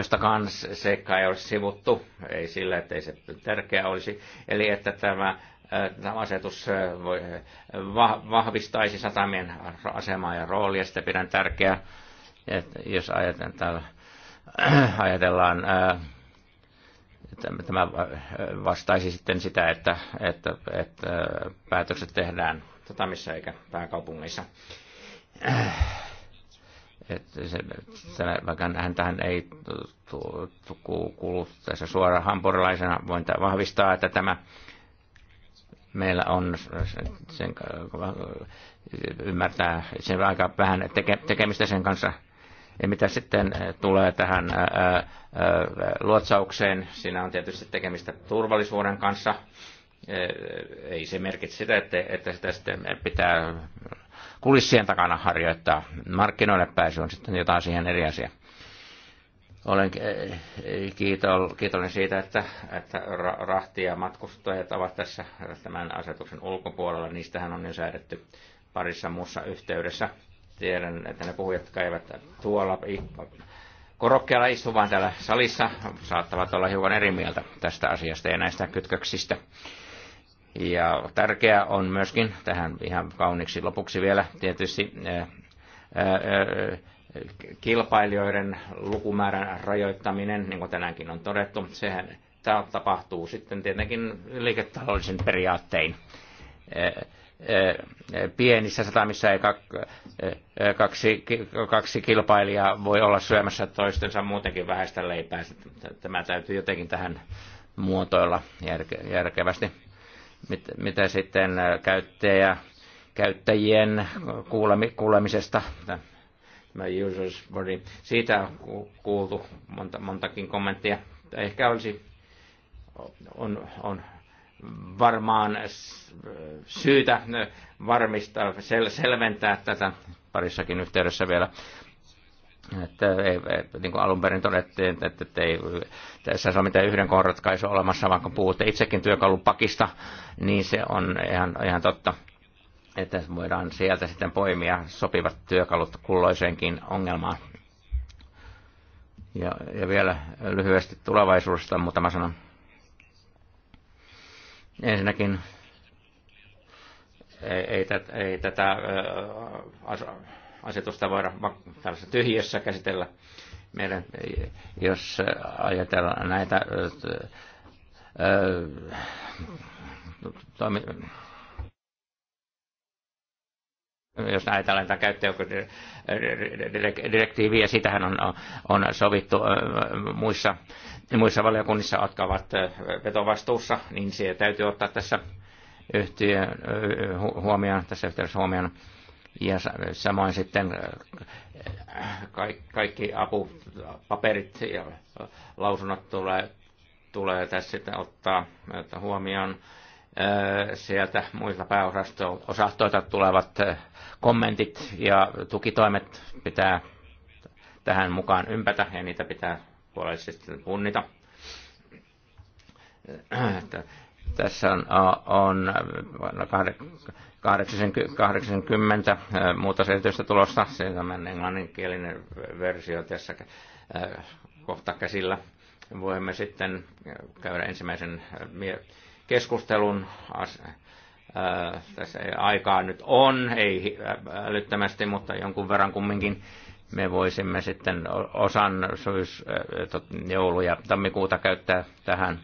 yhtä kanssa seikkaa ei ole sivuttu, ei sillä, ei se tärkeää olisi. Eli että tämä, äh, tämä asetus äh, äh, vahvistaisi satamien asemaa ja roolia, sitä pidän tärkeää, että jos ajatellaan, ajatellaan tämä vastaisi sitten sitä, että, että, että päätökset tehdään satamissa eikä pääkaupungissa että se, vaikka hän tähän ei kuulu tässä suoraan hampurilaisena, voin vahvistaa, että tämä meillä on sen, ymmärtää sen aika vähän teke, tekemistä sen kanssa. Ja mitä sitten tulee tähän ää, ää, luotsaukseen, siinä on tietysti tekemistä turvallisuuden kanssa. Ei se merkitse sitä, että, että sitä sitten pitää kulissien takana harjoittaa. Markkinoille pääsy on sitten jotain siihen eri asia. Olen eh, kiitollinen siitä, että, että rahti ja matkustajat ovat tässä tämän asetuksen ulkopuolella. Niistähän on jo säädetty parissa muussa yhteydessä. Tiedän, että ne puhujat käyvät tuolla korokkeella istu, vaan täällä salissa saattavat olla hiukan eri mieltä tästä asiasta ja näistä kytköksistä. Ja tärkeää on myöskin, tähän ihan kauniksi lopuksi vielä tietysti, kilpailijoiden lukumäärän rajoittaminen, niin kuin tänäänkin on todettu, sehän tämä tapahtuu sitten tietenkin liiketaloudellisen periaattein. Pienissä satamissa ei kaksi, kaksi kilpailijaa voi olla syömässä toistensa muutenkin vähäistä leipää. Tämä täytyy jotenkin tähän muotoilla järkevästi mit, mitä sitten äh, käyttäjä, käyttäjien kuulemi, kuulemisesta, tämä users body, siitä on kuultu monta, montakin kommenttia. Ehkä olisi, on, on varmaan syytä äh, varmistaa, sel, selventää tätä parissakin yhteydessä vielä. Että ei, niin kuin alun perin todettiin, että, että ei tässä ole mitään yhden ratkaisu olemassa, vaikka puhutte itsekin työkalupakista, niin se on ihan, ihan totta, että voidaan sieltä sitten poimia sopivat työkalut kulloiseenkin ongelmaan. Ja, ja vielä lyhyesti tulevaisuudesta muutama sana. Ensinnäkin ei, ei, ei tätä äh, asetusta voida tällaisessa tyhjössä käsitellä. Meidän, jos ajatellaan näitä jos ajatellaan tätä käyttöoikeusdirektiiviä, sitähän on, on sovittu muissa, muissa valiokunnissa, jotka ovat vetovastuussa, niin se täytyy ottaa tässä yhtiön huomioon, tässä yhteydessä huomioon ja samoin sitten äh, kaikki apupaperit ja lausunnot tulee, tulee tässä sitten ottaa huomioon. Äh, sieltä muilta pääosastoilta tulevat äh, kommentit ja tukitoimet pitää tähän mukaan ympätä ja niitä pitää huolellisesti punnita. Tässä on, on 80 eh, selitystä tulossa, tämän englanninkielinen versio tässä eh, kohta käsillä. Voimme sitten eh, käydä ensimmäisen keskustelun. Tässä aikaa nyt on, ei älyttömästi, mutta jonkun verran kumminkin me voisimme sitten osan syys, joulu- ja tammikuuta käyttää tähän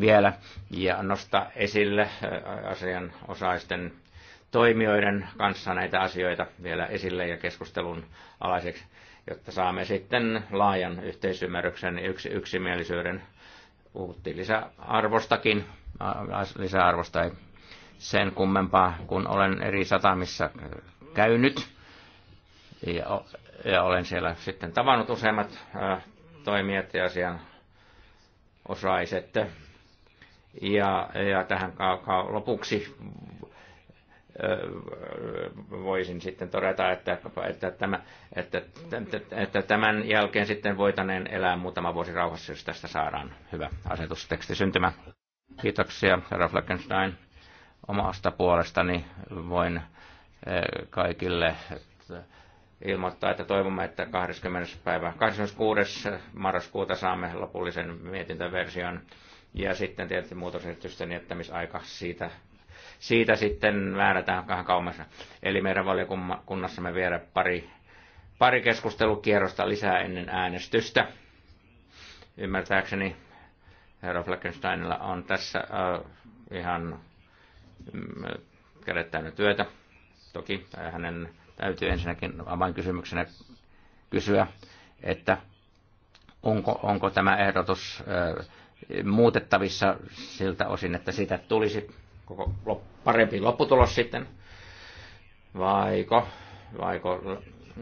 vielä ja nostaa esille asianosaisten toimijoiden kanssa näitä asioita vielä esille ja keskustelun alaiseksi, jotta saamme sitten laajan yhteisymmärryksen ja yks, yksimielisyyden. Puhuttiin lisäarvostakin, lisäarvosta ei sen kummempaa, kun olen eri satamissa käynyt ja, ja olen siellä sitten tavannut useimmat äh, toimijat ja asian osaiset. Ja, ja tähän ka- ka- lopuksi voisin sitten todeta, että, että, tämä, että, että tämän jälkeen sitten voitaneen elää muutama vuosi rauhassa, jos tästä saadaan hyvä asetusteksti syntymä. Kiitoksia, herra Fleckenstein. Omasta puolestani voin kaikille ilmoittaa, että toivomme, että 20. päivä, 26. marraskuuta saamme lopullisen mietintäversion. ja sitten tietysti muutosesitysten jättämisaika siitä siitä sitten määrätään vähän kauemmas. Eli meidän valiokunnassamme vielä pari, pari keskustelukierrosta lisää ennen äänestystä. Ymmärtääkseni herra Fleckensteinilla on tässä äh, ihan mm, kädet työtä. Toki hänen täytyy ensinnäkin avainkysymyksenä kysyä, että onko, onko tämä ehdotus äh, muutettavissa siltä osin, että siitä tulisi koko parempi lopputulos sitten, vaiko, vaiko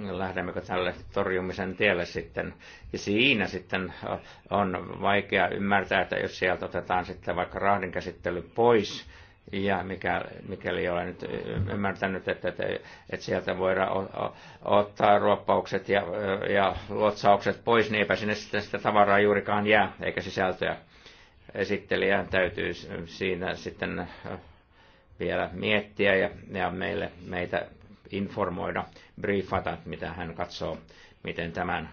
lähdemmekö tälle torjumisen tielle sitten. Ja siinä sitten on vaikea ymmärtää, että jos sieltä otetaan sitten vaikka rahdin käsittely pois, ja mikä, mikäli olen nyt ymmärtänyt, että, että, että sieltä voidaan ottaa ruoppaukset ja, ja luotsaukset pois, niin eipä sinne sitten sitä tavaraa juurikaan jää, eikä sisältöä esittelijän täytyy siinä sitten äh, vielä miettiä ja, ja meille, meitä informoida, briefata, mitä hän katsoo, miten tämän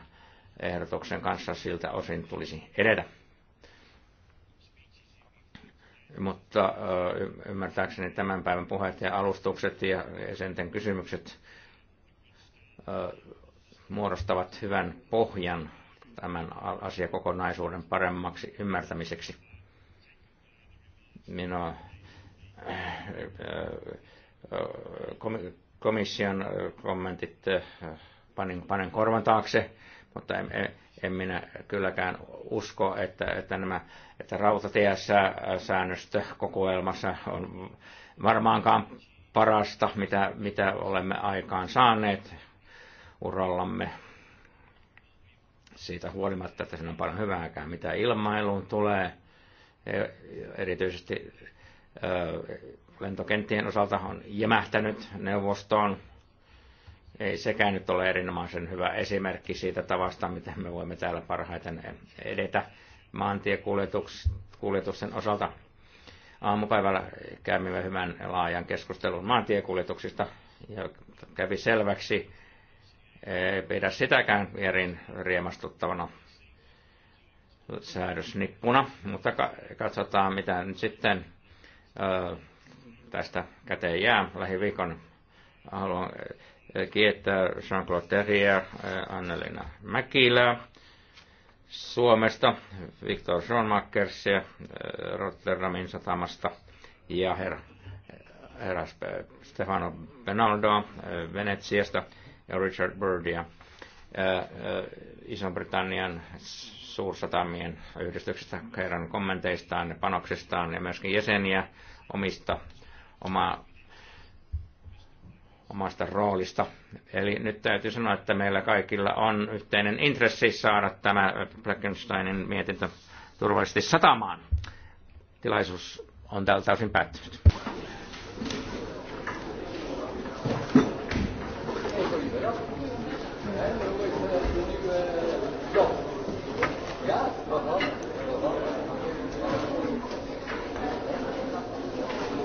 ehdotuksen kanssa siltä osin tulisi edetä. Mutta äh, ymmärtääkseni tämän päivän puheet ja alustukset ja jäsenten kysymykset äh, muodostavat hyvän pohjan tämän asiakokonaisuuden paremmaksi ymmärtämiseksi minä äh, äh, komission äh, kommentit panin, panen korvan taakse, mutta en, en minä kylläkään usko, että, että, nämä, että rautatiesäännöstö kokoelmassa on varmaankaan parasta, mitä, mitä olemme aikaan saaneet urallamme. Siitä huolimatta, että siinä on paljon hyvääkään, mitä ilmailuun tulee – erityisesti lentokenttien osalta on jämähtänyt neuvostoon. Ei sekään nyt ole erinomaisen hyvä esimerkki siitä tavasta, miten me voimme täällä parhaiten edetä maantiekuljetuksen osalta. Aamupäivällä käymme hyvän laajan keskustelun maantiekuljetuksista ja kävi selväksi, ei pidä sitäkään järin riemastuttavana säädösnippuna, mutta katsotaan mitä nyt sitten tästä käteen jää lähiviikon. Haluan kiittää Jean-Claude Terrier, Annelina Mäkilää Suomesta, Viktor Schoenmakersia Rotterdamin satamasta ja herra, herra Stefano Benaldoa Venetsiasta ja Richard Birdia Ison-Britannian suursatamien yhdistyksestä heidän kommenteistaan ja panoksistaan ja myöskin jäseniä omista, oma, omasta roolista. Eli nyt täytyy sanoa, että meillä kaikilla on yhteinen intressi saada tämä Blackensteinin mietintö turvallisesti satamaan. Tilaisuus on tältä osin päättynyt.